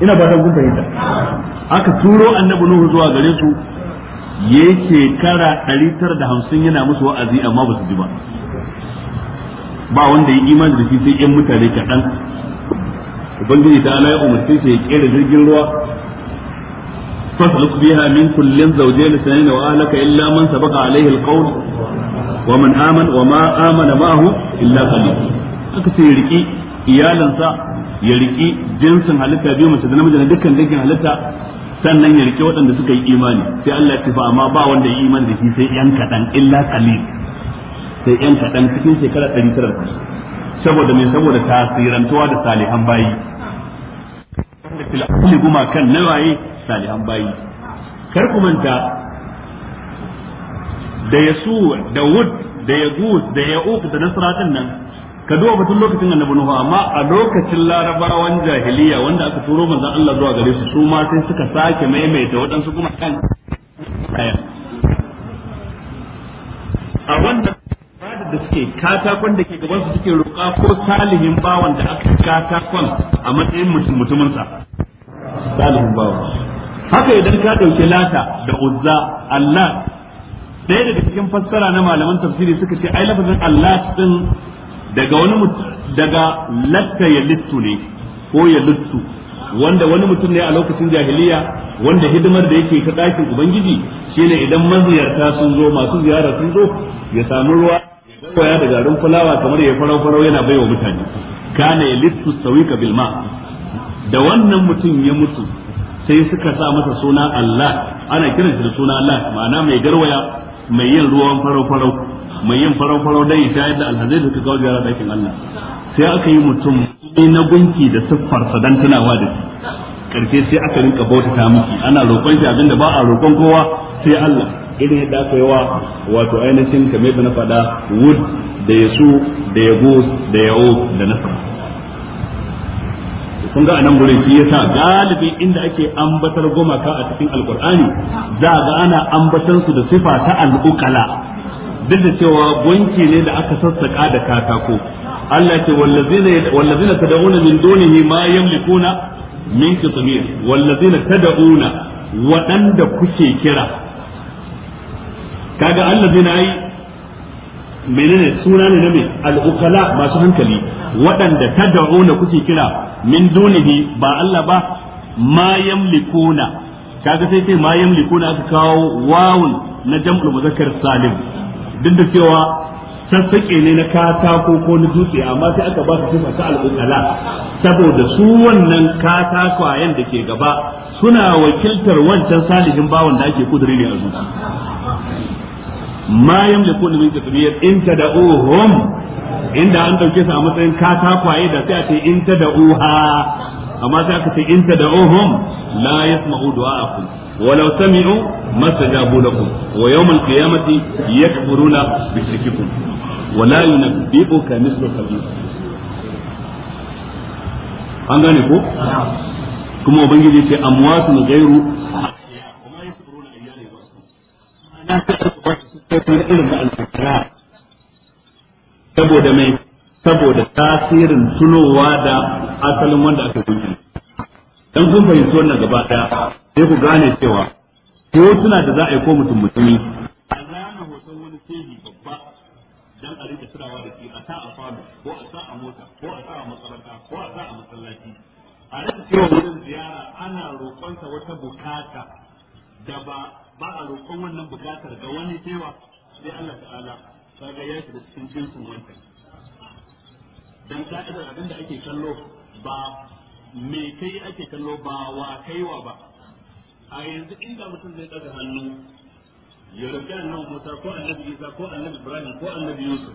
ina ba gunta yadda. aka turo annabi nuhu zuwa gare su yake kara 950 yana musu wa'azi amma ba su ji ba ba wanda ya imani da shi sai yan mutane kaɗan ubangiji ta ala ya umarce shi ya kera jirgin ruwa fasluk biha min kullin zawjayn sanina wa alaka illa man sabaqa alayhi alqawl wa man aman wa ma amana ma'ahu illa qalil aka ce ya riki iyalansa ya jinsin halitta biyu mace da namiji na dukkan dangin halitta sannan ya rike waɗanda suka yi imani sai Allah ya fa amma ba wanda ya yi imani da shi sai yan kaɗan illa qalil sai yan kaɗan cikin shekara ɗari tara saboda mai saboda tasirantuwa da salihan bayi wanda fil asli kuma kan waye salihan bayi kar ku manta da yasu da wud da yagus da ya'uq da nasratin nan ka duba batun lokacin annabi nuhu amma a lokacin larabawan jahiliya wanda aka turo manzon Allah zuwa gare su su ma sai suka sake maimaita waɗansu kuma kan a wanda ibada da suke katakon da ke gaban su suke roƙa ko salihin bawan da aka katakon a matsayin mutumin sa salihin bawan haka idan ka dauke lata da uzza Allah ɗaya daga cikin fassara na malaman tafsiri suka ce ai lafazin Allah din daga wani daga latta ya littu ne ko ya littu wanda wani mutum ne a lokacin jahiliya wanda hidimar da yake ta ɗakin ubangiji shine idan maziyarta sun zo masu ziyara sun zo ya samu ruwa ya koya da garin fulawa kamar ya farau farau yana baiwa mutane kana ya littu sawika bilma da wannan mutum ya mutu sai suka sa masa suna Allah ana kiransa da suna Allah ma'ana mai garwaya mai yin ruwan farau-farau mai yin farau-farau dai shayar da alhazai da suka kawo ziyara dakin Allah sai aka yi mutum mai na gunki da siffar sa dan tunawa da karshe sai aka rinka bautata miki ana roƙon shi abinda ba a roƙon kowa sai Allah idan yadda aka yi wa wato ainihin kamar da na faɗa wood da yasu da yago da yawo da nasara kun ga anan gurin shi yasa galibi inda ake ambatar gumaka a cikin alqur'ani za ga ana ambatar su da sifa ta al'ukala duk da cewa gunki ne da aka sassaka da katako Allah ce wallazina wallazina tad'una min dunihi ma yamlikuna min qitmir wallazina tad'una waɗanda kuke kira kaga allazina ai menene suna ne na me al'ukala masu hankali waɗanda ta tad'una kuke kira min dunihi ba Allah ba ma yamlikuna kaga sai sai ma yamlikuna aka kawo wawun na jam'u muzakkar salim duk da cewa sassaƙe ne na katako ko na dutse amma sai aka ba su sifa ta al'ukala saboda su wannan katakwayen da ke gaba suna wakiltar wancan salihin bawan da ake kudure ne a zuci ma yamlikuna min tasbiyat in tad'uhum inda an dauke sa a matsayin katakwaye da sai a ce in tad'uha amma sai aka ce in tad'uhum la yasma'u du'a'akum ولو سمعوا ما استجابوا لكم ويوم القيامة يكفرون بشرككم ولا ينبئك مثل خبير an gane ko kuma ubangiji ce amwatun gairu na ko kuma irin na alfakara saboda mai saboda tasirin tunowa da asalin wanda aka gudu dan kun fahimci wannan gaba daya sai ku gane cewa hotuna da za a yi ko mutum mutumi a zana hoton wani shehi babba dan a rika turawa da shi a sa a falo ko a sa a mota ko a sa a makaranta ko a sa a masallaci a rika cewa wurin ziyara ana roƙonsa wata bukata da ba ba a roƙon wannan bukatar ga wani cewa sai Allah ta'ala kaga ya shiga cikin jinsin wancan dan ka'idar abin da ake kallo ba me kai ake kallo ba wa kaiwa ba a yanzu inda mutum zai daga hannu ya rubuta annabi Musa ko annabi Isa ko annabi Ibrahim ko annabi Yusuf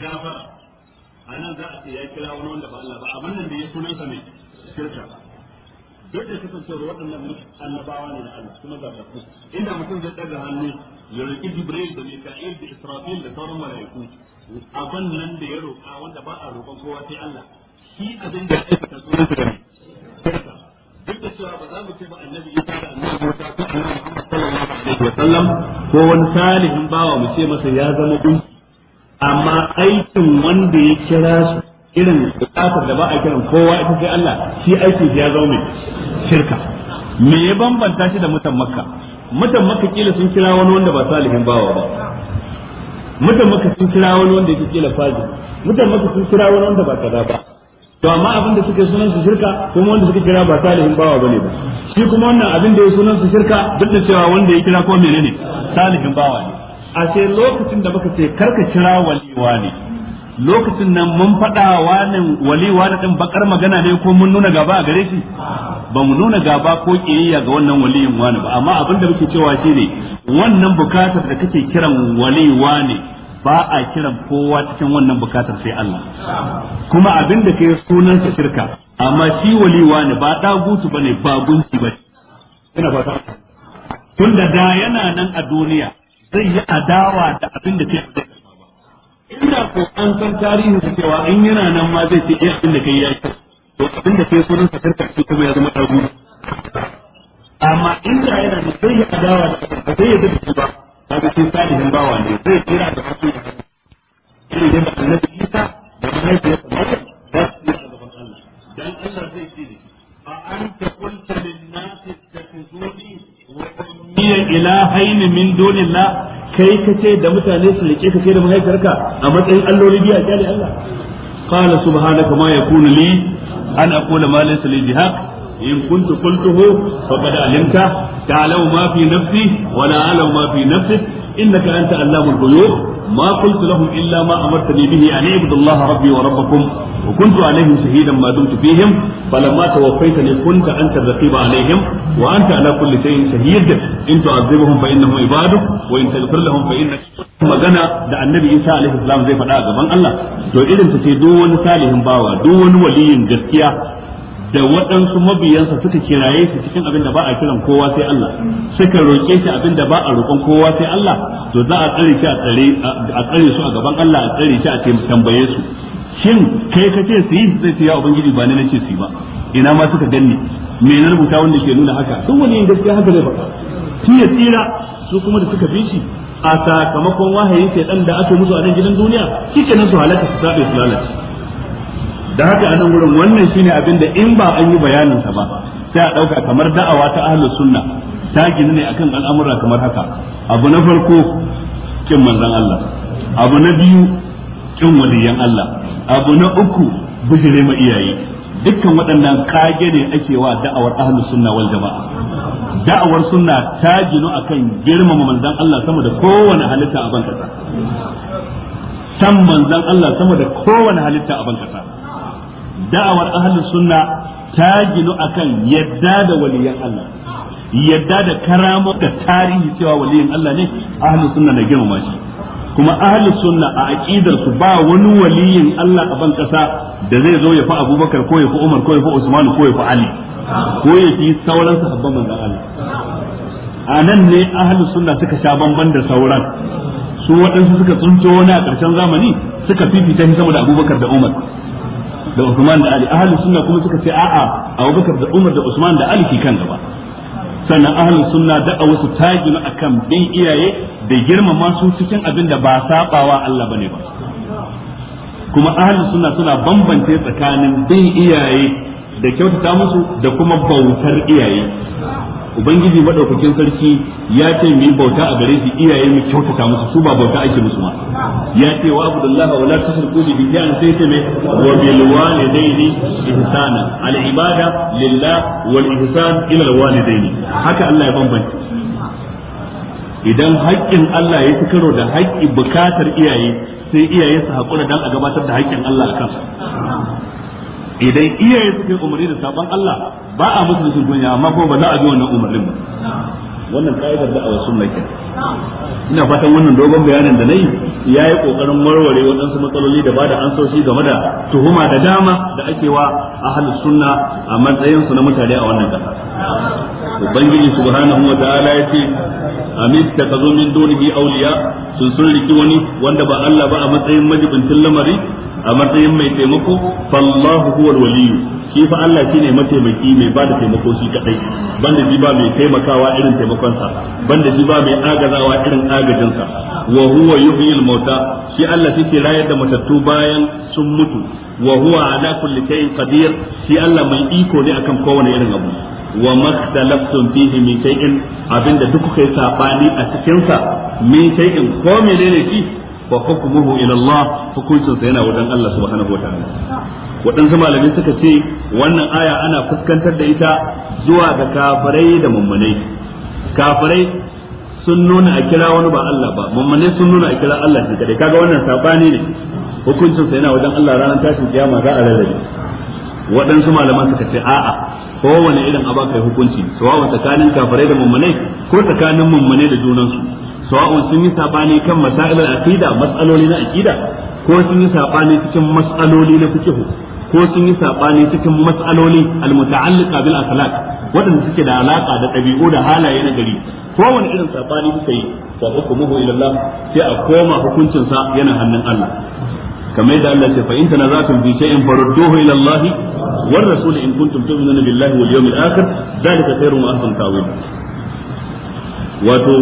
gafara anan za a ce ya kira wani wanda ba Allah ba abin nan da ya sunansa ne shirka duk da kasancewar waɗannan annabawa ne na Allah kuma zaɓaɓɓu inda mutum zai daga hannu ya roki Jibril da Mika'il da Israfil da sauran mala'iku aban nan da ya roƙa wanda ba a roƙon kowa sai Allah shi abin da ya aikata sunan su gani duk da cewa ba za mu ce ba annabi Isa da annabi Musa ko annabi Muhammad sallallahu alaihi wa sallam ko wani salihin bawa mu ce masa ya zama dinki amma aikin wanda ya kira su irin bukatar da ba a kiran kowa ita sai Allah shi aiki ya zo mai shirka me ya bambanta shi da mutan makka mutan makka kila sun kira wani wanda ba salihin bawa ba mutan makka sun kira wani wanda yake kila fazi mutan makka sun kira wani wanda ba kaza ba to amma abin da suka sunan su shirka kuma wanda suka kira ba salihin bawa bane ba shi kuma wannan abin da ya sunan su shirka duk da cewa wanda ya kira ko menene salihin bawa ne a sai lokacin da muka ce karka kira waliwa ne lokacin nan mun faɗa wa nan wali na ɗin bakar magana ne ko mun nuna gaba a gare shi ba mu nuna gaba ko ƙiyayya ga wannan waliyin wani ba amma abin da muke cewa shi ne wannan bukatar da kake kiran wali wani ba a kiran kowa cikin wannan bukatar sai Allah kuma abin da kai sunan sa shirka amma shi wali wani ba dagutu bane ba gunci bane ina fata tunda da yana nan a duniya zai yi adawa da abin da kai inda ko an san tarihin sa cewa in yana nan ma zai ce iya eh, abin da kai ya ce to abin da kai sunan sa karkashi kuma ya zama dagu amma in inda yana da sai ya adawa da sai ya dace ba kaga sai tarihin bawa ne zai kira da hasu ne yadda annabi Isa da mahaifiyarsa Maryam da su yi gaban Allah dan Allah zai ce ne a anta qulta lin nasi ittakhizuni wa ummi ilahaini min dunillah kai ka ce da mutane su rike ka kai da mahaifarka a matsayin alloli biya a kyale Allah qala subhanaka ma yakunu li an aqula ma laysa li bihaq in kuntu qultuhu faqad alimta ta'lamu ma fi nafsi wa la a'lamu ma fi nafsi? innaka anta allamul ghuyub ma qultu lahum illa ma amartani bihi an ibudu allaha rabbi wa rabbakum wa kuntu alaihim shahidan ma dumtu fihim falamma tawaffaytani kunta anta raqiba alaihim wa anta ala kulli shay'in shahid in tu'azzibuhum fa innahum ibaduk wa in taghfir lahum fa innaka magana da annabi Isa alaihi salam zai faɗa a gaban Allah to irin ta ce duk salihin bawa duk wani waliyin gaskiya da waɗansu mabiyansa suka kiraye shi cikin abin da ba a kiran kowa sai Allah suka roƙe shi abin da ba a roƙon kowa sai Allah to za a tsare shi a tsare su a gaban Allah a tsare shi a tambaye su shin kai ka ce su yi sai su ya ubangiji ba ne ce su yi ba ina ma suka danne me na rubuta wanda ke nuna haka Sun wani yin gaskiya haka zai faɗa shi ya tsira su kuma da suka bi shi a sakamakon wahayin shaidan da aka musu a nan gidan duniya shi nan su halatta su sabe su lalace da haka a nan wurin wannan shine abin da in ba an yi bayanin sa ba sai a ɗauka kamar da'awa ta ahlus sunna ta gina ne akan al'amura kamar haka abu na farko kin manzon Allah abu na biyu kin waliyan Allah abu na uku bijire ma iyaye dukkan waɗannan kage ne ake wa da'awar ahlus sunna wal jama'a da'awar sunna ta ginu akan girmama manzon Allah sama da kowane halitta a ban kasa san manzon Allah sama da kowane halitta a ban kasa da'awar ahlus sunna ta gino akan yadda da waliyan Allah yadda da karamo da tarihi cewa waliyan Allah ne ahlus sunna na girmama shi kuma ahlus sunna a aqidar su ba wani waliyin Allah a ban kasa da zai zo ya fi Abubakar ko ya fi Umar ko ya fi Usman ko ya fi Ali ko ya fi sauran sahabban manzon Allah a nan ne ahlus sunna suka sha bamban da sauran su waɗansu suka tsunto wani a ƙarshen zamani suka fifita shi sama da abubakar da umar da Usman da Ali ahli sunna kuma suka ce a'a Bakar da Umar da Usman da Ali ke kan gaba sannan ahli sunna da a wasu tajina akan bin iyaye da girmama su cikin abin da ba sabawa Allah bane ba kuma ahli sunna suna bambance tsakanin bin iyaye da kyautata musu da kuma bautar iyaye ubangiji madaukakin sarki ya ce mu bauta a gare shi iyaye mu kyautata musu su ba bauta ake musu ma ya ce wa abdullahi wala tushriku bi shay'an sai ce me wa bil walidayni ihsana al ibada lillah wal ihsan ila al walidayni haka Allah ya bambanta idan haƙƙin Allah ya fi karo da haƙƙi bukatar iyaye sai iyaye su haƙura dan a gabatar da haƙƙin Allah a idan iyaye suka yi umarni da sabon Allah ba a musu rashin gunya amma ko ba za a bi wannan umarnin ba wannan ka'idar da a wasu makin ina fatan wannan dogon bayanin da nayi yi kokarin warware waɗansu matsaloli da ba bada ansoshi game da tuhuma da dama da ake wa ahlus sunna a matsayin na mutane a wannan ƙasa ubangiji subhanahu wa ta'ala yace amin ta kazo min dunihi awliya sun sun riki wani wanda ba Allah ba a matsayin majibincin lamari a matsayin mai taimako fallahu huwal waliyyu shi fa Allah shine mataimaki mai ba da taimako shi kadai banda shi ba mai taimakawa irin taimakon sa banda shi ba mai agazawa irin agajinsa sa wa huwa yuhyi al-mauta shi Allah shi ke rayar da matattu bayan sun mutu wa huwa ala kulli shay'in qadir shi Allah mai iko ne akan kowane irin abu wa makhtalaftum fihi min shay'in abinda duk kai sabani a cikin sa min shay'in ko menene shi fa hukmuhu ila Allah hukuncin yana wajen Allah subhanahu wa ta'ala waɗansu malami suka ce wannan aya ana fuskantar da ita zuwa ga kafirai da mummunai kafirai sun nuna a kira wani ba Allah ba mummunai sun nuna a kira Allah shi kada kaga wannan sabani ne hukuncin sa yana wajen Allah ranar tashin kiyama za a rarrabe waɗansu malaman suka ce a'a kowane irin aba kai hukunci sawa'un tsakanin kafirai da mummunai ko tsakanin mummunai da junansu sawa'un sun yi sabani kan masailar aqida matsaloli na aqida ko sun yi sabani cikin matsaloli na fikihu ko sun yi sabani cikin mas'aloli almuta'alliqa bil akhlaq wadanda suke da alaka da ɗabi'u da halaye na gari ko wani irin sabani suka yi fa hukmuhu ila Allah sai a koma hukuncin sa yana hannun Allah kamar yadda Allah ce fa in tanazatum fi shay'in farudduhu ila Allah war rasul in kuntum tu'minuna billahi wal yawmil akhir zalika khairun wa ahsan ta'wil wato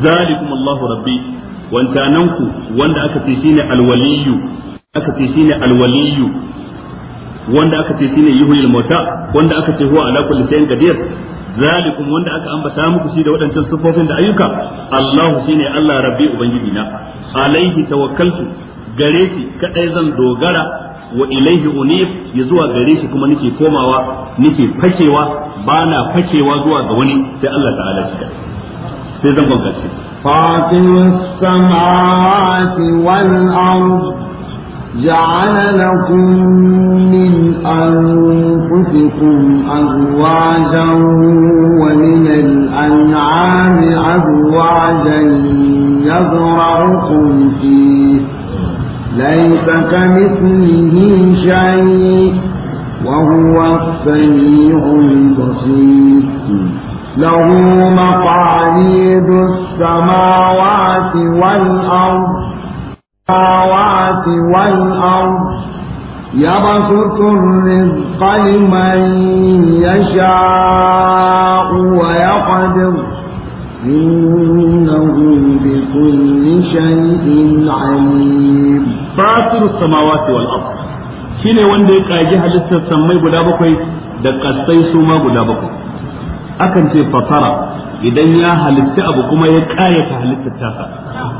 zalikum Allah rabbi wancananku wanda aka ce shine alwaliyu aka ce shine alwaliyu wanda aka ce shine yuhyil mauta wanda aka ce huwa ala kulli shay'in qadir zalikum wanda aka ambata muku shi da waɗancan sifofin da ayyuka Allahu shine Allah rabbi ubangiji na alaihi tawakkaltu gare shi kadai zan dogara wa ilaihi unib ya zuwa gare shi kuma nake komawa nake fakewa bana na fakewa zuwa ga wani sai Allah ta'ala shi sai zan gongace fatimul samawati wal ardh جعل لكم من أنفسكم أزواجا ومن الأنعام أزواجا يزرعكم فيه ليس كمثله شيء وهو السميع البصير له مقاليد السماوات والأرض السماوات والأرض يبسط الرزق لمن يشاء ويقدر إنه بكل شيء عليم فاطر السماوات والأرض shine wanda ya kaji halittar sammai guda bakwai da kasai su ma guda bakwai akan ce fatara idan ya halitta abu kuma ya kayata halittar tasa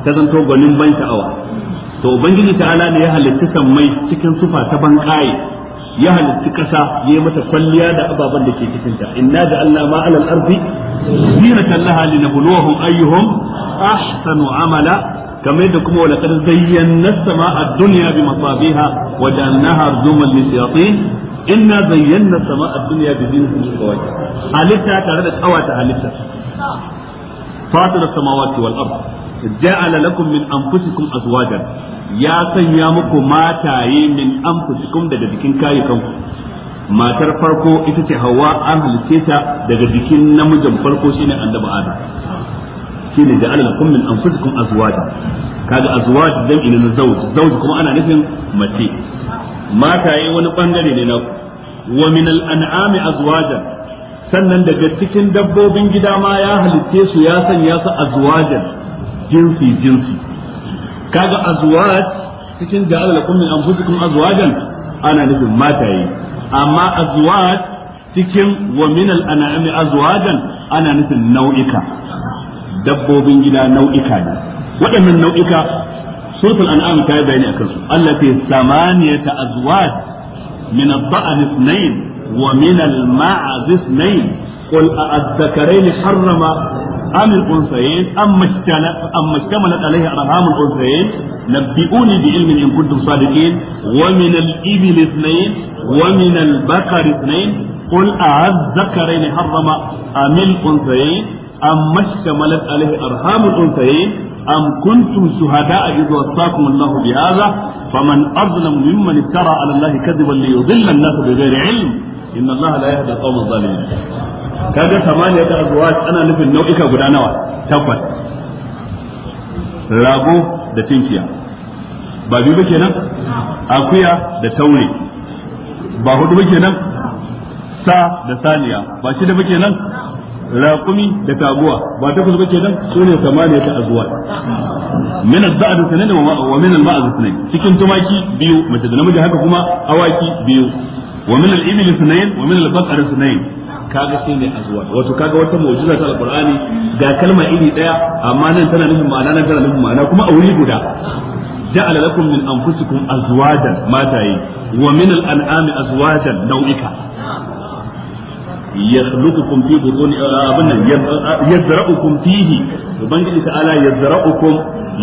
ta zanto gwanin ban sha'awa to ubangiji ta'ala ne ya halitta sammai cikin sufa ta bankaye ya halitta kasa ya mata kwalliya da ababen da ke cikin ta inna da Allah ma alal ardi zinatan laha linabluwahum ayyuhum ahsanu amala kamar da kuma wala kad zayyana as-sama'a dunya bi masabiha wa ja'alnaha arjuman lis-shayatin inna zayyana samaa dunya bi zinatin halitta tare da kawata halitta fatir as-samawati wal ardh ja'ala lakum min anfusikum azwajan ya sanya muku mataye min anfusikum daga jikin kayukanku matar farko ita ce hawa an halice ta daga jikin namijin farko shine annabi adam shine ja'ala lakum min anfusikum azwajan kaga azwaj jam'i na zawj zawj kuma ana nufin mace mataye wani bangare ne na wa min al-an'ami azwajan sannan daga cikin dabbobin gida ma ya halitte su ya sanya su azwajan jinsi jinsi kaga azwaj cikin ja'ala lakum min anfusikum ana nufin mataye amma azwaj cikin wa min al ana nufin nau'ika dabbobin gida nau'ika ne waɗannan nau'ika suratul an'am ta yi bayani akan su Allah ta samaniyata azwaj min ad-da'n ithnayn wa min al قل أذكرين حرم أرحام الأنثيين أما اشتملت عليه أرحام الأنثيين نبئوني بعلم إن كنتم صادقين ومن الإبل اثنين ومن البقر اثنين قل ذكرين حرم أم الأنثيين أما اشتملت عليه أرحام الأنثيين أم كنتم شهداء إذ وصاكم الله بهذا فمن أظلم ممن افترى على الله كذبا ليضل الناس بغير علم إن الله لا يهدى القوم الظالمين kaga samaniya ta azwaj ana nufin nau'ika guda nawa takwas rago da tinkiya ba biyu ba kenan akuya da taure ba hudu ba kenan sa da saniya ba shida ba kenan raƙumi da taguwa ba takwas ba kenan sune samaniya ta azuwa min az-za'd sunan wa min al-ma'az sunan cikin tumaki biyu mace da namiji haka kuma awaki biyu wa min al-ibil sunayn wa min al-baqar sunayn kaga shi ne azwaj wato kaga wata mu'jiza ta alqur'ani ga kalma iri daya amma nan tana nufin ma'ana nan tana nufin ma'ana kuma a wuri guda ja'ala lakum min anfusikum azwajan mataye wa min al-an'ami azwajan nau'ika yakhluqukum fi butuni ah, abin nan yazra'ukum ah, fihi ubangiji ta'ala yazra'ukum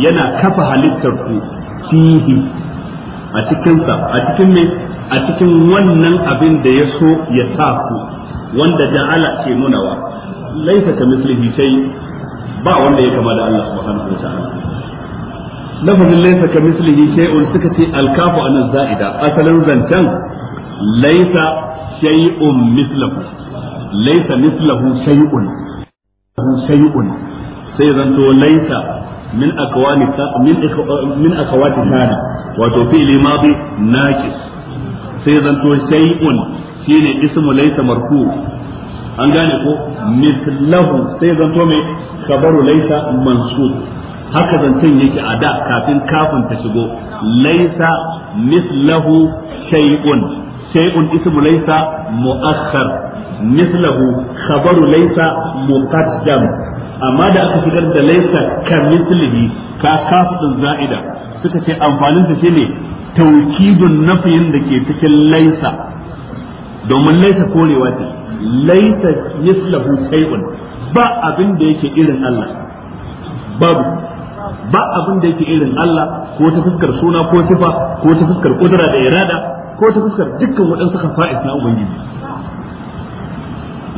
yana kafa halittar ku fihi a cikin sa a cikin me a cikin wannan abin da ya so ya sa ku wanda ja'ala ke nunawa laisa ka mislihi shay ba wanda ya kama da Allah subhanahu wataala lafazin laisa ka mislihi shay'un suka ce alkafu anan za'ida asalin zancen laisa shay'un mislahu laisa mislahu shay'un shay'un sai zanto laisa min akwani min akwati kana wato fi'li madi naqis sai zanto shay'un shine ismu laysa marfu an gane ko mislahu sai zanto mai kabaru laysa mansub haka zancen yake a da kafin kafin ta shigo laysa mislahu shay'un shay'un ismu laysa mu'akhkhar mislahu khabaru laysa muqaddam amma da aka shigar da laysa ka mislihi ka kafin za'ida suka ce amfanin shi shine taukidun nafiyin da ke cikin laisa domin laisa korewa ce laisa yislahu shay'un ba abin da yake irin Allah babu ba abin da yake irin Allah ko ta fuskar suna ko sifa ko ta fuskar kudura da irada ko ta fuskar dukkan waɗansu kafa'is na ubangiji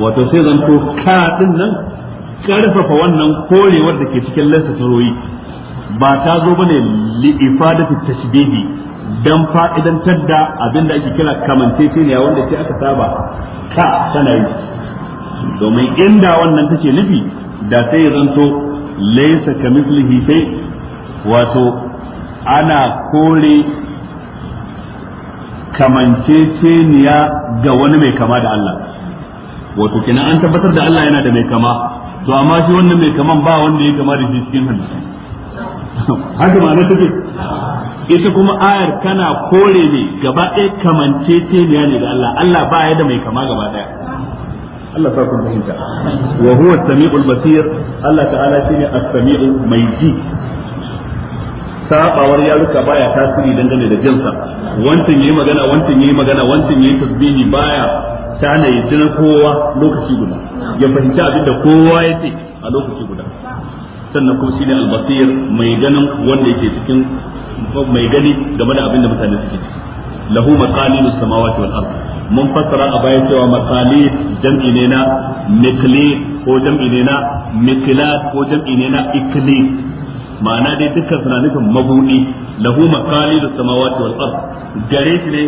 wato sai zan to ka nan karfafa wannan korewar da ke cikin laisa taroyi ba ta zo bane li ifadatu tashbihi dan fa'idantar da abinda ake kira kamanceceniya wanda sai aka saba ka tana yi domin inda wannan take nufi da sai zanto laysa kamithlihi sai wato ana kore kamanceceniya ga wani mai kama da Allah wato kenan an tabbatar da Allah yana da mai kama to amma shi wannan mai kaman ba wanda ya kama da shi cikin hadisi haka ma'ana take ita kuma ayar kana kore ne gaba ɗaya kamance ce ne ne da Allah Allah ba ya da mai kama gaba ɗaya Allah ta kun fahimta wa huwa samiul basir Allah ta'ala shine as-sami'u mai ji sabawar yaruka baya tasiri dangane da jinsa wancan yayi magana wancan yayi magana wancan yayi tasbihi baya tana yi kowa lokaci guda ya fahimci abin da kowa ya ce a lokaci guda sannan kuma shine al-basir mai ganin wanda yake cikin mai gani game da abin da mutane suke ciki lahu maqalidus samawati wal ard mun fassara a baya cewa maqalil jam'i ne na miqlid ko jam'i ne na miqlad ko jam'i ne na ikli ma'ana dai dukkan suna nufin mabudi lahu maqalidus samawati wal ard gare shi ne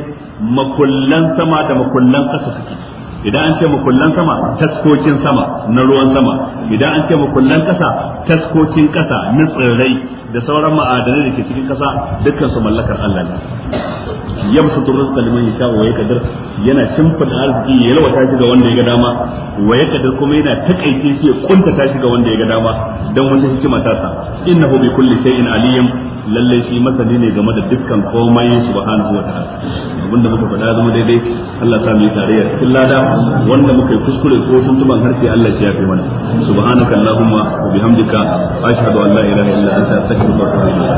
makullan sama da makullan ƙasa suke idan an ce makullan sama taskokin sama na ruwan sama idan an ce mukullan kasa taskokin kasa na tsirrai da sauran ma'adanai da ke cikin kasa dukkan su mallakar Allah ne yamsu rizqa liman yasha wa yaqdir yana da arziki ya lawata shi ga wanda ya ga dama wa yaqdir kuma yana takaice shi ya kuntata shi ga wanda ya ga dama dan wata hikima ta sa innahu bi kulli shay'in aliyyin lalle shi masani ne game da dukkan komai subhanahu wataala abinda muka faɗa zama daidai Allah ta mu tarayya cikin lada wanda muka yi kuskure ko tuntuban harshe Allah ya yafe mana subhanaka allahumma wa bihamdika ashhadu an la ilaha illa anta astaghfiruka wa atubu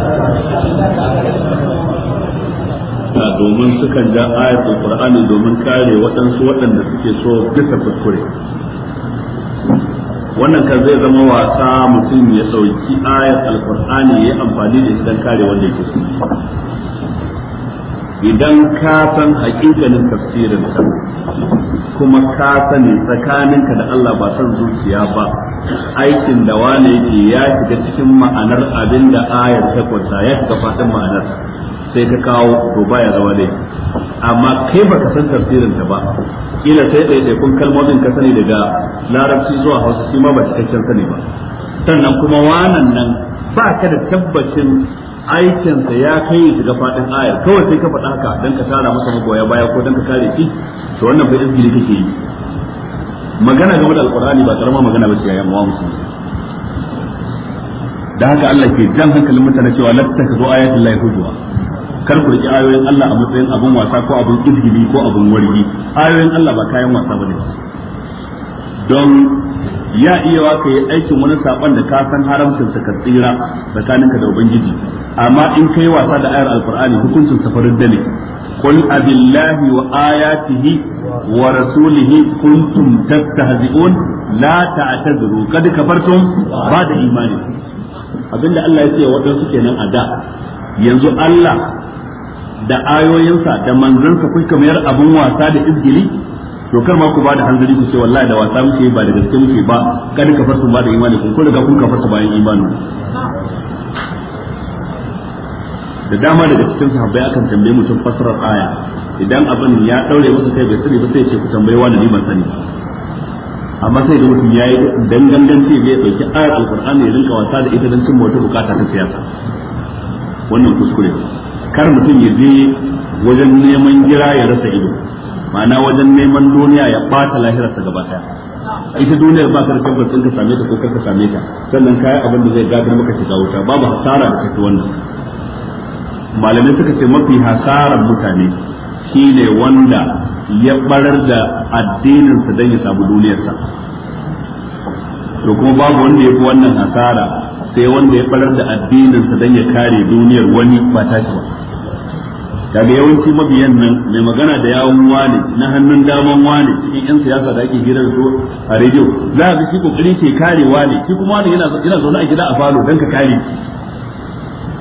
ta domin sukan ja ayatul qur'ani domin kare waɗansu waɗanda suke so kisa kuskure wannan kan zai zama wasa mutum ya sauki ayat alkur'ani ya amfani da idan kare wanda yake so idan ka san hakikanin tafsirin ka kuma ka sani tsakaninka da Allah ba san zuciya ba aikin da wani yake ya shiga cikin ma'anar abinda da ayar ta kwanta ya shiga fatan ma'anar sai ka kawo to baya zama dai amma kai ba ka san tafsirin ta ba kila sai dai kun kalmomin ka sani daga larabci zuwa hausa shi ma ba cikakken sani ba sannan kuma wanan nan ba ka da tabbacin aikinsa ya kai shiga fadin ayar kawai sai ka faɗa haka don ka tara masa magoya baya ko don ka kare shi to wannan bai izgili kake yi magana game da alqur'ani ba karama magana ba ce ya wa da haka Allah ke jan hankalin mutane cewa ka zo ayatul lahi hujwa kar ku riki ayoyin Allah a matsayin abin wasa ko abin izgili ko abin wargi ayoyin Allah ba kayan wasa bane don ya iya wa ka yi aikin wani saƙon da ka san haramcin sa ka tsira tsakaninka da ubangiji amma in kai wasa da ayar alqur'ani hukuncin sa farin dane qul abillahi wa ayatihi wa rasulihi kuntum tastahzi'un la ta'tadiru kad kafartum ba da imani abinda Allah ya ce waɗansu kenan a da yanzu Allah da ayoyinsa da manzansa kuka mayar abun wasa da izgili to kar ma ku ba da hanzari ku ce wallahi da wasa muke ba da gaske muke ba kada ka farsu ba da imani kun riga kun ka farsu bayan imani da dama daga cikin sahabbai akan tambaye mutum fassarar aya idan abin ya daure masa kai bai sani ba sai ce ku tambaye wani ne ban sani amma sai da mutum yayi dangandan ce bai dauki ayar alqur'ani ya rinka wasa da ita don cin wata bukata ta siyasa wannan kuskure ne kar mutum ya je wajen neman jira ya rasa ido ma'ana wajen neman duniya ya bata lahirarsa gaba daya ita duniyar ba ta da tabbas ka same ta ko ka same ta sannan kayan abin da zai gadar maka shiga wuta babu hasara da kake wannan malamai suka ce mafi hasarar mutane shine wanda ya barar da addininsa don ya samu duniyarsa to kuma babu wanda ya fi wannan hasara sai wanda ya barar da addininsa don ya kare duniyar wani ba tashi ba Daga yawanci mabiyan nan mai magana da yawon wani na hannun daman wani cikin yan siyasa da ake gidan su a rediyo za a shi kokari ke kare wani shi kuma wani yana zaune a gida a falo don ka kare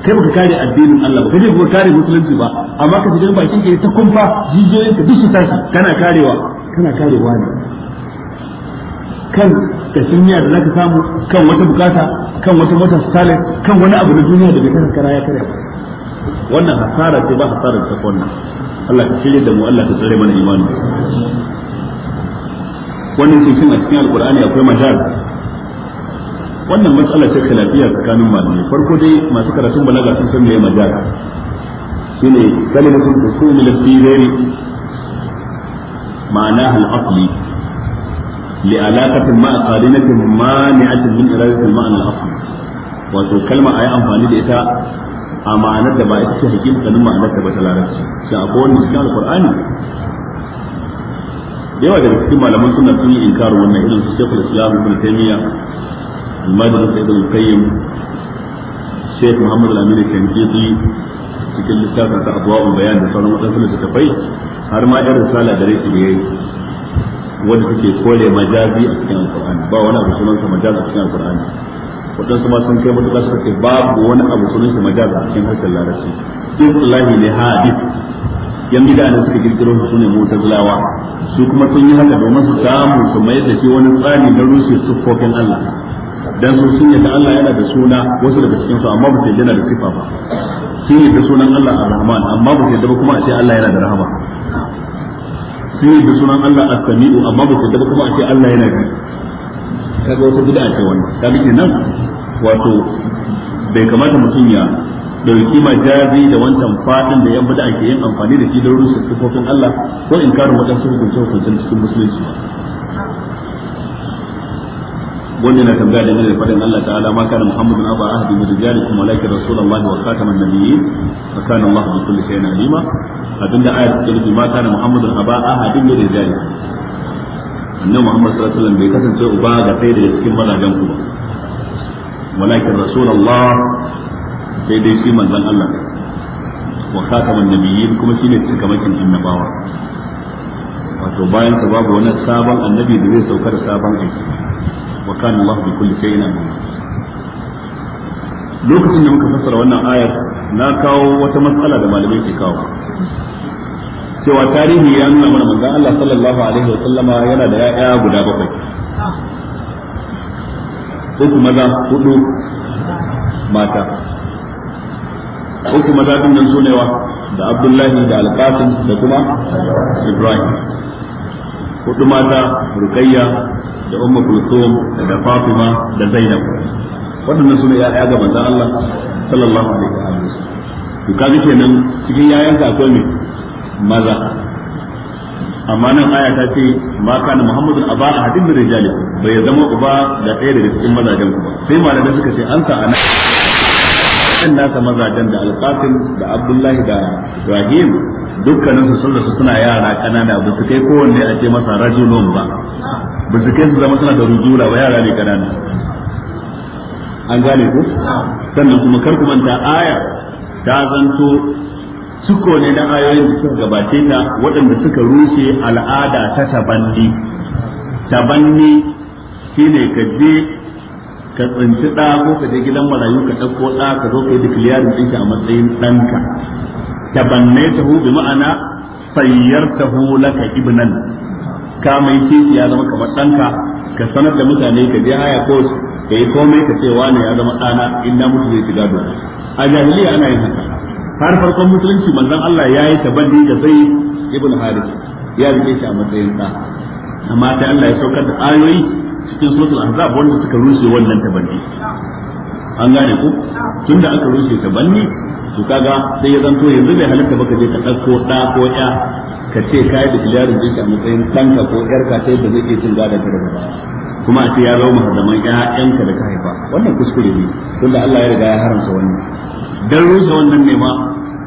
kai baka kare addinin Allah ba kaje baka kare musulunci ba amma ka shiga bakin ka ta kumfa jijiyoyin ka duk su tashi kana karewa kana kare wani kan kashin miya da zaka samu kan wata bukata kan wata wata salad kan wani abu na duniya da bai kana kara ya kare ba wannan hasara ce ba hasara ta wannan Allah ka shirye da mu Allah ka tsare mana imani wannan ce shin a cikin alqur'ani akwai majal wannan matsalar ta lafiya tsakanin malamai farko dai masu karatun balaga sun san meye majal shine kalimatul usul lil sirri معناها الأصلي لعلاقة مع قرينة مانعة من إرادة المعنى الأصلي wato kalma a yi amfani da ita a ma'anar da ba ita ce kanin ma'anar da ba ta larabci shi akwai wanda cikin alqur'ani yawa daga cikin malaman suna sun yi inkarin wannan irin su shekul islam ibn taymiya al-majlis al qayyim shaykh muhammad al-amin al-shankiti cikin littafin ta adwa'ul bayan da sauran wadansu littattafai har ma irin risala da rai ne, yayi wanda take kore majazi a cikin alqur'ani ba wani abu sunan sa majazi a cikin alqur'ani waɗansu ma sun kai matuƙa suka ce babu wani abu sunan shi majaz a cikin harshen larabci islahi ne hadith yan bid'a ne suka kirkiro su sune mu'tazilawa su kuma sun yi haka domin su samu su mai da shi wani tsari na rushe sufofin Allah dan su sun yadda Allah yana da suna wasu daga cikin su amma ba su yana da sifa ba sun yadda sunan Allah Ar-Rahman amma ba su yadda ba kuma a ce Allah yana da rahama sun yadda sunan Allah As-Sami'u amma ba su yadda ba kuma a ce Allah yana da kaga wata bid'a ce wannan kaga nan, wato bai kamata mutum ya dauki majazi da wancan fadin da yan bid'a ke yin amfani da shi da rusa sifofin Allah ko in karu wajen su hukunce hukuncen cikin musulunci wanda na tambaya da da fadin Allah ta'ala ma kana Muhammadun aba ahadi min rijalikum walakin rasulullah wa khataman nabiyyin wa kana Allah bi kulli shay'in alima abinda ayat ta nufi ma kana Muhammadun a ahadi min rijalikum annabi Muhammad sallallahu alaihi wasallam bai kasance uba ga ɗaya da cikin mazajen ku ba walakin rasulullah sai dai shi manzon Allah wa khataman nabiyyin kuma shine cikamakin annabawa wato bayan sa babu wani sabon annabi da zai sauka da sabon aiki wa kana Allah bi kulli shay'in lokacin da muka fassara wannan ayar na kawo wata matsala da malamai ke kawo cewa tarihi ya nuna mana manzon Allah sallallahu alaihi wa sallama yana da ya'ya guda bakwai uku maza hudu mata uku maza din nan sunewa da Abdullahi da Alqasim da kuma Ibrahim hudu mata Rukayya da Ummu Kulthum da Fatima da Zainab waɗannan sune ya'ya ga manzon Allah sallallahu alaihi wa sallam to kaji kenan cikin yayanka akwai ne maza amma nan aya ta ce ma kana muhammadu aba a hadin rijali bai zama uba da ɗaya daga cikin mazajen ku ba sai malamai suka ce an sa ana ɗan nasa mazajen da alƙafin da abdullahi da ibrahim dukkanin su sun suna yara ƙanana ba su kai kowanne a ce masa rajulun ba ba su kai su zama suna da rujula ba yara ne ƙanana an gane ku sannan kuma kar ku manta aya ta zanto suko ne na ayoyin da suka gabace ta waɗanda suka rushe al'ada ta tabanni tabanni shine ka je ka tsinci ɗa ko ka je gidan marayu ka ɗauko ɗa ka zo kai dikiliyarin ɗinka a matsayin ɗanka tabanne ta bi ma'ana sayyartahu laka ibnan ka mai kishi ya zama kamar ɗanka ka sanar da mutane ka je haya ko ka yi komai ka ce wani ya zama ɗana in na mutu zai shiga dole. a jahiliya ana yin haka har farkon musulunci manzon Allah ya yi tabanni da zai ibn harith ya rike shi a matsayin sa amma sai Allah ya saukar da ayoyi cikin suratul ahzab wanda suka rushe wannan tabanni an gane ku tunda aka rushe tabbani to kaga sai ya zanto yanzu bai halitta baka je ka ɗauko ɗa ko ƴa ka ce ka da tijarin jinka a matsayin tanka ko ƴarka ta yadda zai iya cin gadon ta rubuta kuma a ce ya zama mahadaman ƴaƴanka da ka haifa wannan kuskure ne tunda Allah ya riga ya haramta wannan dan rusa wannan ne ma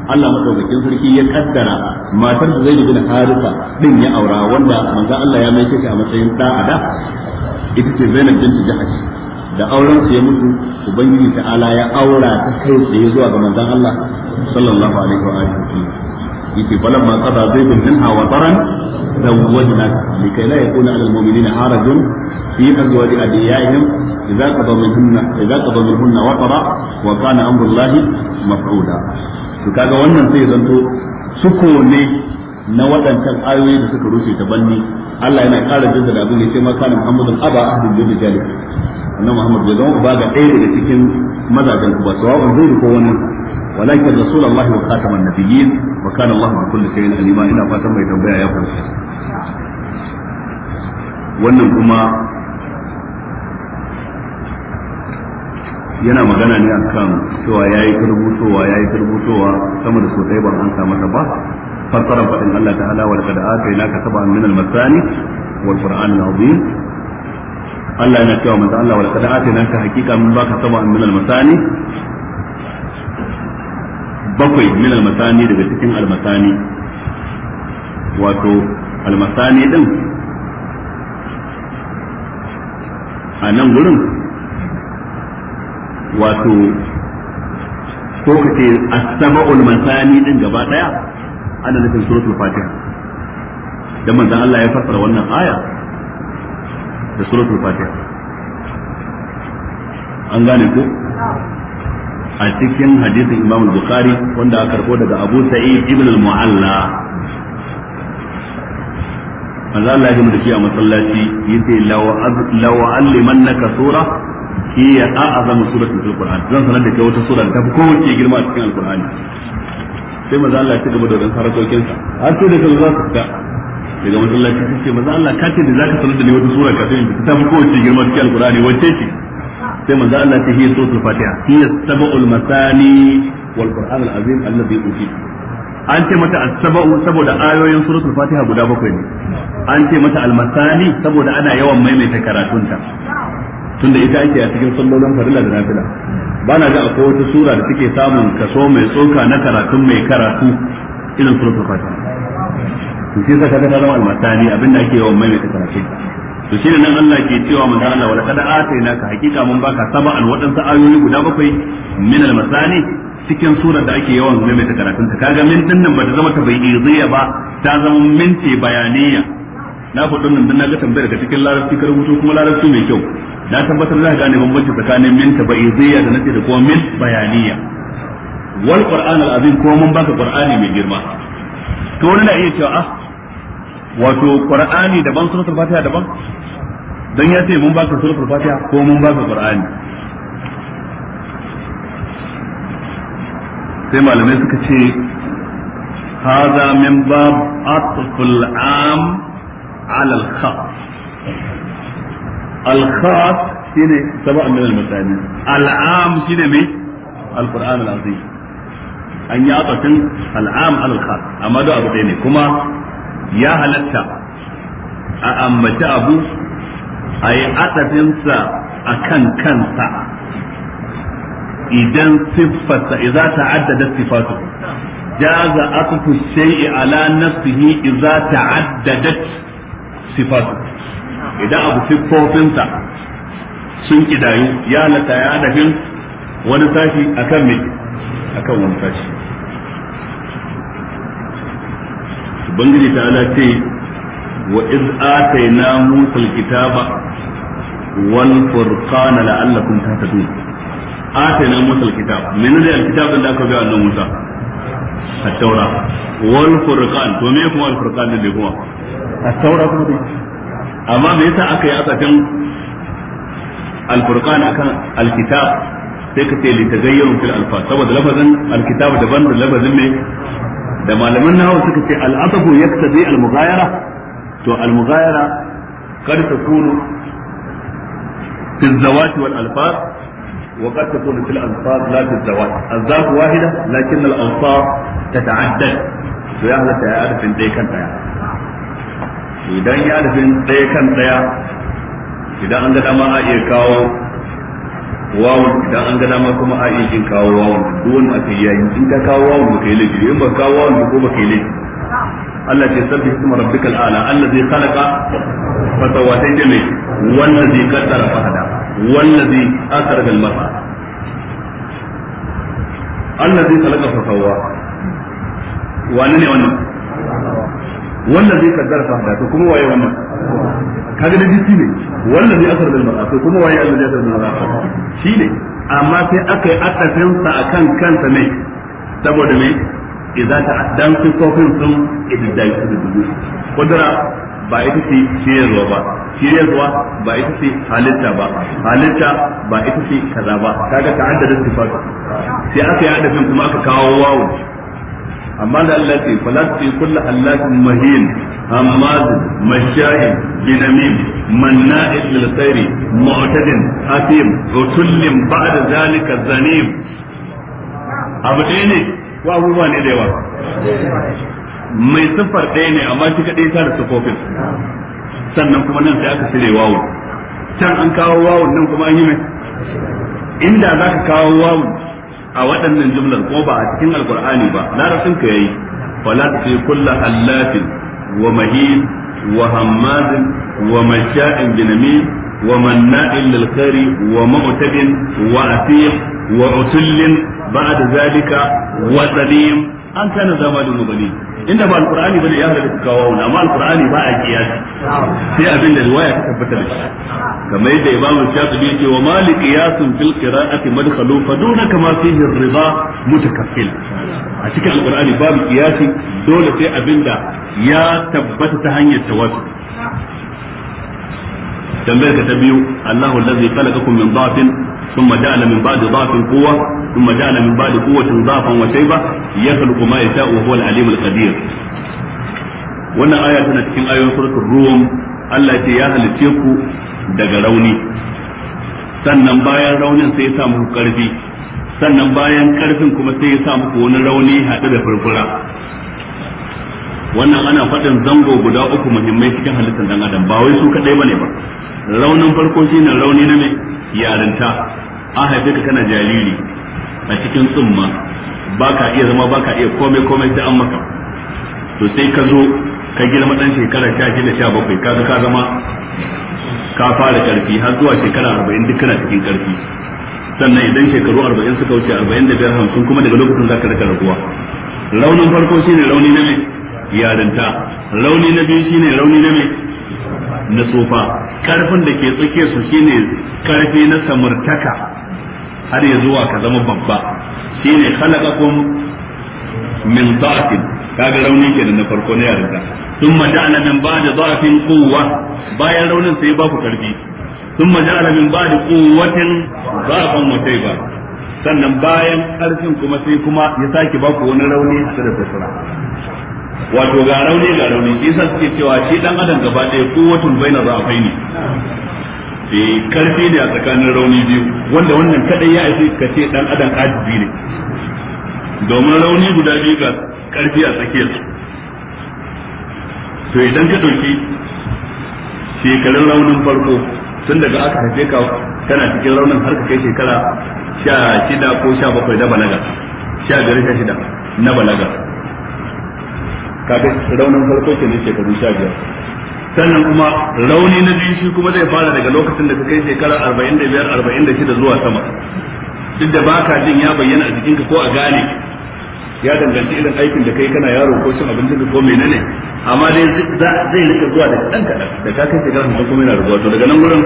Allah madaukakin sarki ya kaddara matar da zai gina Haritha din ya aura wanda manzo Allah ya mai shi a matsayin da ada ita ce Zainab binti Jahash da auren ya mutu ubangiji ta'ala ya aura ta kai tsaye zuwa ga manzo Allah sallallahu alaihi wa alihi yace balan ma qada zaidun minha wa taran zawwajna likay la yakuna ala almu'minina harajun fi azwaji adiyaihim idza qada minhunna idza qada minhunna wa tara wa kana amru llahi maf'ula to kaga wannan sai zanto suko ne na waɗancan ayoyi da suka rufe ta banni Allah yana ƙara jinsa da abin da sai ma kana Muhammadun aba ahdin bin jalib annabi Muhammad bai zama ba ga ɗaya daga cikin mazajen ku ba sawa'un zai ko wannan walakin rasulullahi wa khataman nabiyyin wa kana Allah bi kulli shay'in alima ina fatan mai tambaya ya wannan kuma yana magana ne akan cewa ya karbutowa yayi karbutowa sama da sosai ba an samu ba fassara faɗin Allah ta'ala wa laqad atainaka sab'an min al-masani wal qur'an al-azim Allah yana cewa manzo Allah wa laqad atainaka hakika min baka sab'an min al-masani bakwai min almasani daga cikin almasani wato almasani din a nan gurin wato ko ka ce almasani masani din gaba daya ana nufin suratul fatiha dan manzon Allah ya fassara wannan aya da suratul fatiha an gane ko a cikin hadisin Imam Bukhari wanda aka karbo daga Abu Sa'id ibn al-Mu'alla manzo Allah ya mutuki a masallaci yace law allimannaka sura hiya a'zamu suratin al Qur'an zan sanar da kai wata sura ta ko kowace girma a cikin Al-Qur'ani sai manzo Allah ya gaba da wannan sarakokin sa har sai da kan za su fita daga masallaci sai manzo Allah ka ce da zaka sanar da ni wata sura ka ta fi kowace girma a cikin Al-Qur'ani wacce ce sai manzo Allah ta hiya suratul fatiha hiya sab'ul masani wal qur'an al azim alladhi uti an ce mata as-sab'u saboda ayoyin suratul fatiha guda bakwai ne an ce mata al-masani saboda ana yawan maimaita karatunta tunda ita ake a cikin sallolin farilla da nafila ba na ga akwai wata sura da take samun kaso mai tsoka na karatun mai karatu irin suratul fatiha to shi ka ga ta zama al-masani abinda ake yawan maimaita karatun to shi nan Allah ke cewa manzo Allah wala kada ataina ka hakika mun baka sab'an wadansu ayoyi guda bakwai min al-masani cikin surar da ake yawan zuwa mai ta karatun ta kaga min din nan bata zama ta bai iziya ba ta zama min bayaniya na faɗin nan na ga tambayar daga cikin larabci ka rubuto kuma larabci mai kyau na tabbatar za ka gane bambanci tsakanin min ta bai iziya da nace da kuma min bayaniya wal qur'an al-azim ko mun baka qur'ani mai girma to wani na iya cewa ah wato qur'ani daban suratul fatiha daban dan ya ce mun baka suratul fatiha ko mun baka qur'ani sai malamai suka ce hadha min bab atful am ala al khas al khas shine sab'a min al masani al am shine me al qur'an al azim an yi atafin al am ala al khas amma da abu ne kuma ya halatta a ambaci abu a yi atafinsa a kan kansa idan siffarsa idza ta'addada sifatu jaza atfu shay'i ala nafsihi idza ta'addadat sifatu idan abu siffofinsa sun kidayu ya halatta ya adafin wani sashi akan me akan wani sashi ubangiji ta ala ce wa iz atayna musa kitaba wal furqana la'allakum tahtadun atayna musa alkitab menene alkitab da aka ga annabi musa at-taura wal furqan to me kuma al furqan ne kuma at-taura kuma dai amma me yasa aka yi asakan al furqan akan alkitab sai ka ce litagayyarun fil alfa saboda lafazin alkitab daban da lafazin me. da malaman nahawu suka ce al'adabu yaktabi al-mughayara to al-mughayara kad takunu fi zawat wal alfaz wa kad takunu fil alfaz la fi zawat azab wahida lakin al-alfaz tata'addad to ya halatta ya arfin dai kan daya idan ya arfin dai kan daya idan an ga dama a iya kawo wawon idan an gana ma kuma a iya kin kawo wawon duk wanda aka yi yayi in ka kawo wawon ba kai laifi in ba kawo wawon ba ko ba kai laifi Allah ce sabbi kuma rabbikal ala Allah allazi khalaqa fa sawatai da mai wallazi qaddara fa hada wallazi akhraja al mar'a allazi khalaqa fa sawwa wani ne wannan wannan zai kaddara fa da kuma waye wannan kaga da jiki ne wannan zai asar da mar'a to kuma waye Allah zai asar da mar'a shi ne amma sai akai yi sa akan kansa ne saboda me idza ta addan fi kofin sun ibdai su dubu kudura ba ita ce shiryarwa ba shiryarwa ba ita ce halitta ba halitta ba ita ce kaza ba kaga ta ta'addada sifatu sai aka yi adafin kuma aka kawo wawo amma da Allah ce fala fi kullu hallatin mahin hammad mashai binamim manna'il lil khairi mu'tadin atim utullin ba'da zalika zanim abu ɗaya ne ko abubuwa ne da yawa mai siffar ɗaya ne amma shi kaɗai ta da siffofin sannan kuma nan sai aka cire wawo can an kawo wawun nan kuma an yi mai inda za ka kawo wawun a waɗannan jumlar ko ba a cikin alkur'ani ba larabcin ka yayi fala tuti kullu allatin wa mahin wa hammazin wa masha'in binamin wa manna'in lil khairi wa mu'tadin wa atim wa utullin ba'da zalika wa zalim an kana zama da mubali inda ba alqur'ani bane ya hada ku kawo amma alqur'ani ba a kiyasi sai abin da riwaya ta tabbatar da kamar yadda imamu shafi'i yake wa mali qiyasun fil qira'ati madkhalu fa duna kama fihi ar-ridha mutakaffil a cikin alqur'ani babu kiyasi dole sai abinda ya tabbata ta hanyar tawassul tambayar ta biyu Allahu allazi khalaqakum min dhafin thumma ja'ala min ba'di dhafin quwwa ثم جعل من بعد قوة ضعفا وشيبة يخلق ما يشاء وهو العليم القدير wannan aya tana cikin ayoyin suratul rum Allah ce ya halice ku daga rauni sannan bayan raunin sai ya sa muku karfi sannan bayan karfin kuma sai ya sa wani rauni haɗe da furfura wannan ana faɗin zango guda uku muhimmai cikin halittar dan adam ba wai su kaɗai ne ba raunin farko shine rauni na mai yarinta an haife ka kana jariri a cikin tsumma ba ka iya zama ba ka iya komai komai sai an maka to sai ka zo ka girma dan shekara sha da sha bakwai ka ka zama ka fara karfi har zuwa shekara arba'in duk kana cikin karfi sannan idan shekaru arba'in suka wuce arba'in da biyar hamsin kuma daga lokacin za ka daga raguwa raunin farko shine rauni na mai yarinta rauni na biyu shine rauni na mai na tsofa karfin da ke tsake su shine karfi na samartaka har ya zuwa ka zama babba shine khalaqakum min da'fin kaga rauni da na farko na yarinta thumma ja'ala min ba'di da'fin quwwa bayan raunin sai ba ku karfi thumma ja'ala min ba'di quwwatin da'fan wa tayba sannan bayan karfin kuma sai kuma ya sake ba ku wani rauni da tsara wato ga rauni ga rauni shi suke cewa shi dan adam gaba ɗaya kowatin na za'afai ne eh karfi ne a tsakanin rauni biyu wanda wannan kadai ya aiki ka ce dan adam ajizi ne domin rauni guda biyu ga karfi a tsakiyar to idan ka dauki shekarun raunin farko tun daga aka haife ka kana cikin raunin har ka kai shekara sha shida ko sha bakwai na balaga sha biyar sha shida na balaga kaga raunin farko ke ne shekaru sha biyar sannan kuma rauni na biyu shi kuma zai fara daga lokacin da ka kai shekara 45 46 zuwa sama duk da baka jin ya bayyana a jikinka ko a gane ya danganci irin aikin da kai kana yaro ko cin abincin ka ko menene amma dai zai rike zuwa da dan kaɗan da ka kai shekara 50 kuma yana rubuwa to daga nan gurin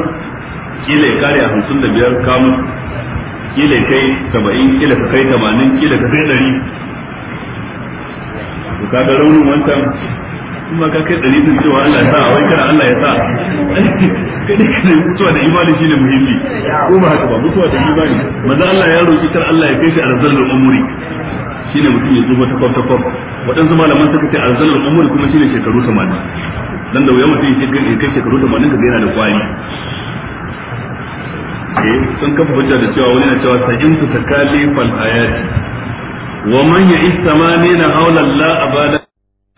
kila ya kare a 55 kamu kila kai 70 kila ka kai 80 kila ka kai 100 to kaga raunin wancan kuma ka kai ɗari din cewa Allah ya sa a wai kana Allah ya sa kai ne kana mutuwa da imani shine muhimmi ko ba haka ba mutuwa da imani manzo Allah ya roki kar Allah ya kai shi arzalul umuri shine mutum ya zuba ta kwafta kwaf waɗansu malaman suka ce arzalul umuri kuma shine shekaru 80 dan da wuya mutum ya kai shekaru 80 kaga yana da Eh sun kafa hujja da cewa wani na cewa sa'in su takali fal ayati wa man ya'i samanina hawla la abada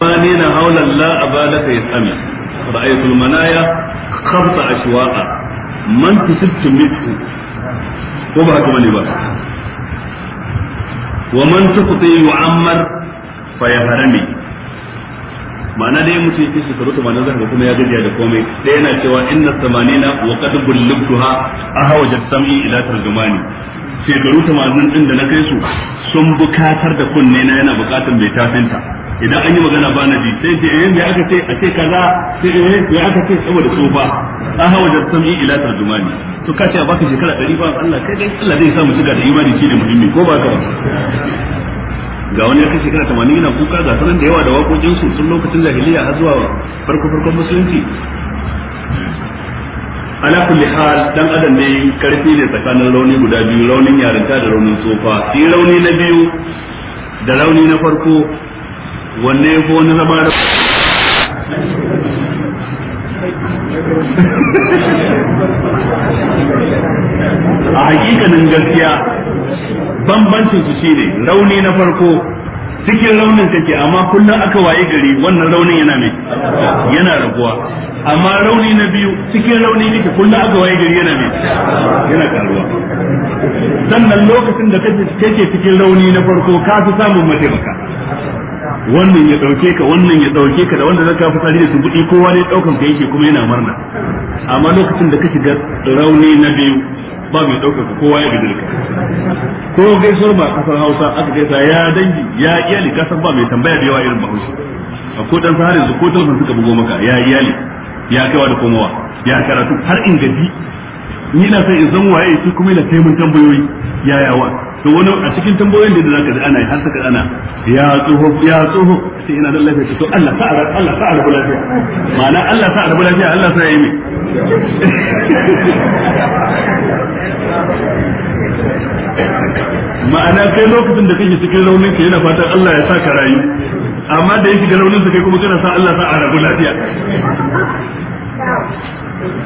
فانين هولا لا أبالة يتأمي رأيت المنايا خبط أشواقا من تسبت منه من يبقى ومن تقطي يعمر فيهرمي ma'ana dai mutum yake shekaru tamanin zaka ga kuma ya gajiya da komai ɗaya yana cewa inna samanina wa qad bullibtuha ahawajat sam'i ila tarjumani shekaru tamanin din da na kai su sun bukatar da kunne na yana bukatar mai tafinta idan an yi magana ba na bi sai ce eh ya aka ce a ce kaza sai eh ya aka ce saboda ba an hawa da sami ila tarjumani to ka ce a baka shekara ɗari ba Allah kai dai Allah zai sa mu shiga da imani shi ne muhimmi ko ba ka ba ga wani ya kai shekara 80 yana kuka ga sanan da yawa da wakokin tun lokacin jahiliya har zuwa farko farkon musulunci ala kulli hal dan adam ne karfi ne tsakanin rauni guda biyu raunin yarinta da raunin tsofa shi rauni na biyu da rauni na farko wanne ya wani zama da a hakikanin gaskiya bambancin su shine rauni na farko cikin raunin take amma kullum aka waye gari wannan raunin yana mai yana raguwa amma rauni na biyu cikin rauni ne kullum aka waye gari yana mai yana karuwa sannan lokacin da kake cikin rauni na farko ka fi samun mataimaka wannan ya dauke ka wannan ya dauke ka da wanda zaka fitari da tumbuɗi kowa ne daukan ka yake kuma yana murna amma lokacin da ka shiga rauni na biyu ba mai ɗaukaka kowa ya gidi ka ko gaisuwar ba kasar hausa aka gaisa ya dangi ya iyali kasan ba mai tambaya da yawa irin bahaushe a ko dan sahari su ko talfan suka bugo maka ya iyali ya kaiwa da komowa ya karatu har in gaji ni na sai in zan waye shi kuma ina sai mun tambayoyi ya yawa to wani a cikin tambayoyin da zaka ji ana har saka ana ya tsoho ya tsoho sai ina da lafiya to Allah sa Allah sa lafiya ma'ana Allah sa lafiya Allah sa yi mai ma'ana kai lokacin da kake cikin raunin ka yana fatan Allah ya sa ka rayu amma da yake ga raunin sa kai kuma kana sa Allah sa a rabu lafiya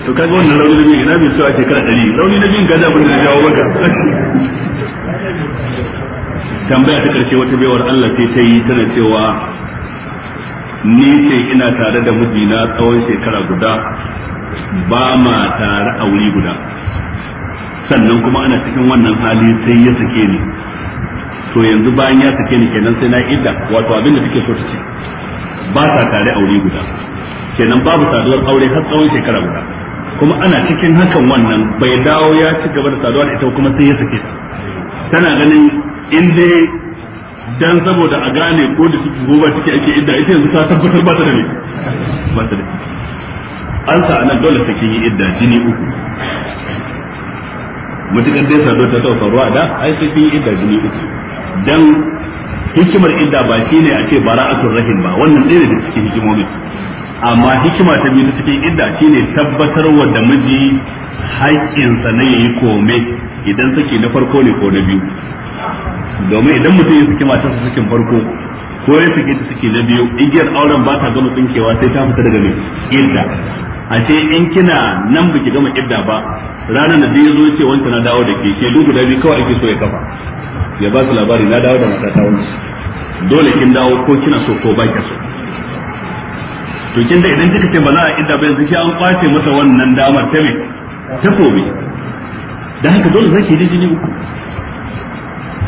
to kaga wannan rauni da biyu ina mai su a shekara ɗari rauni da bin gaza abin da na jawo maka tambaya ta karshe wata baiwar Allah sai ta yi tana cewa ni ce ina tare da mijina tsawon shekara guda ba ma tare a wuri guda sannan kuma ana cikin wannan hali sai ya sake ni to yanzu bayan ya sake ni kenan sai na idda wato abin da take so ta ce ba ta tare a wuri guda kenan babu saduwar aure har tsawon shekara guda kuma ana cikin hakan wannan bai dawo ya ci gaba da saduwa da ita kuma sai ya sake ta tana ganin in dai dan saboda a gane ko da su gobe take ake idda ita yanzu ta tabbatar ba ta da ni ba ta da an sa anan dole sai yi idda jini uku mutukar dai sado ta tauka ruwa da ai sai kin yi idda jini uku dan hikimar idda ba shine a ce bara'atul rahim ba wannan ɗaya daga cikin hikimomin amma hikima ta biyu ta cikin idda shine tabbatarwa da miji haƙƙinsa na yayi kome idan saki na farko ne ko na biyu domin idan mutum ya saki matarsa sakin farko ko ya sake ta suke na biyu igiyar auren ba ta gama tsinkewa sai ta fita daga mai idda a ce in kina nan ba ki gama idda ba ranar da zai zo ce wanta na dawo da ke ke duk da biyu kawai ake so ya kafa ya ba su labari na dawo da matata wani dole kin dawo ko kina so ko ba ki so to kin da idan kika ce ba za a idda ba yanzu ki an kwace masa wannan damar ta me ta kobe dan haka dole zaki ji jini uku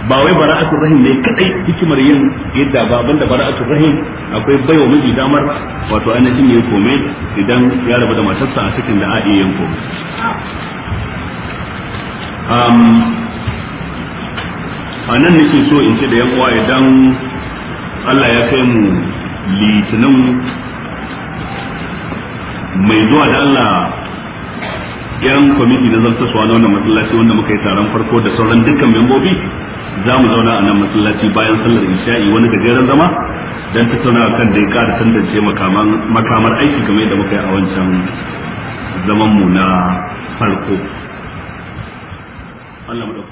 ba wai bara'atul rahim ne kadai hikimar yin yadda ba banda bara'atul rahim akwai baiwa miji damar wato ainihin yin kome idan ya rabu da matarsa a cikin da a'i yin komai a nan nake so in ce da yan uwa idan Allah ya kai mu litinin mai zuwa da Allah yan kwamiti na zartaswa na wannan masallaci wanda muka yi taron farko da sauran dukkan membobi za mu zauna a nan masallaci bayan sallar isha'i wani gajeren zama don sauna kan da ya ƙara tantance makamar aiki kamar da muka yi a wancan zaman mu na farko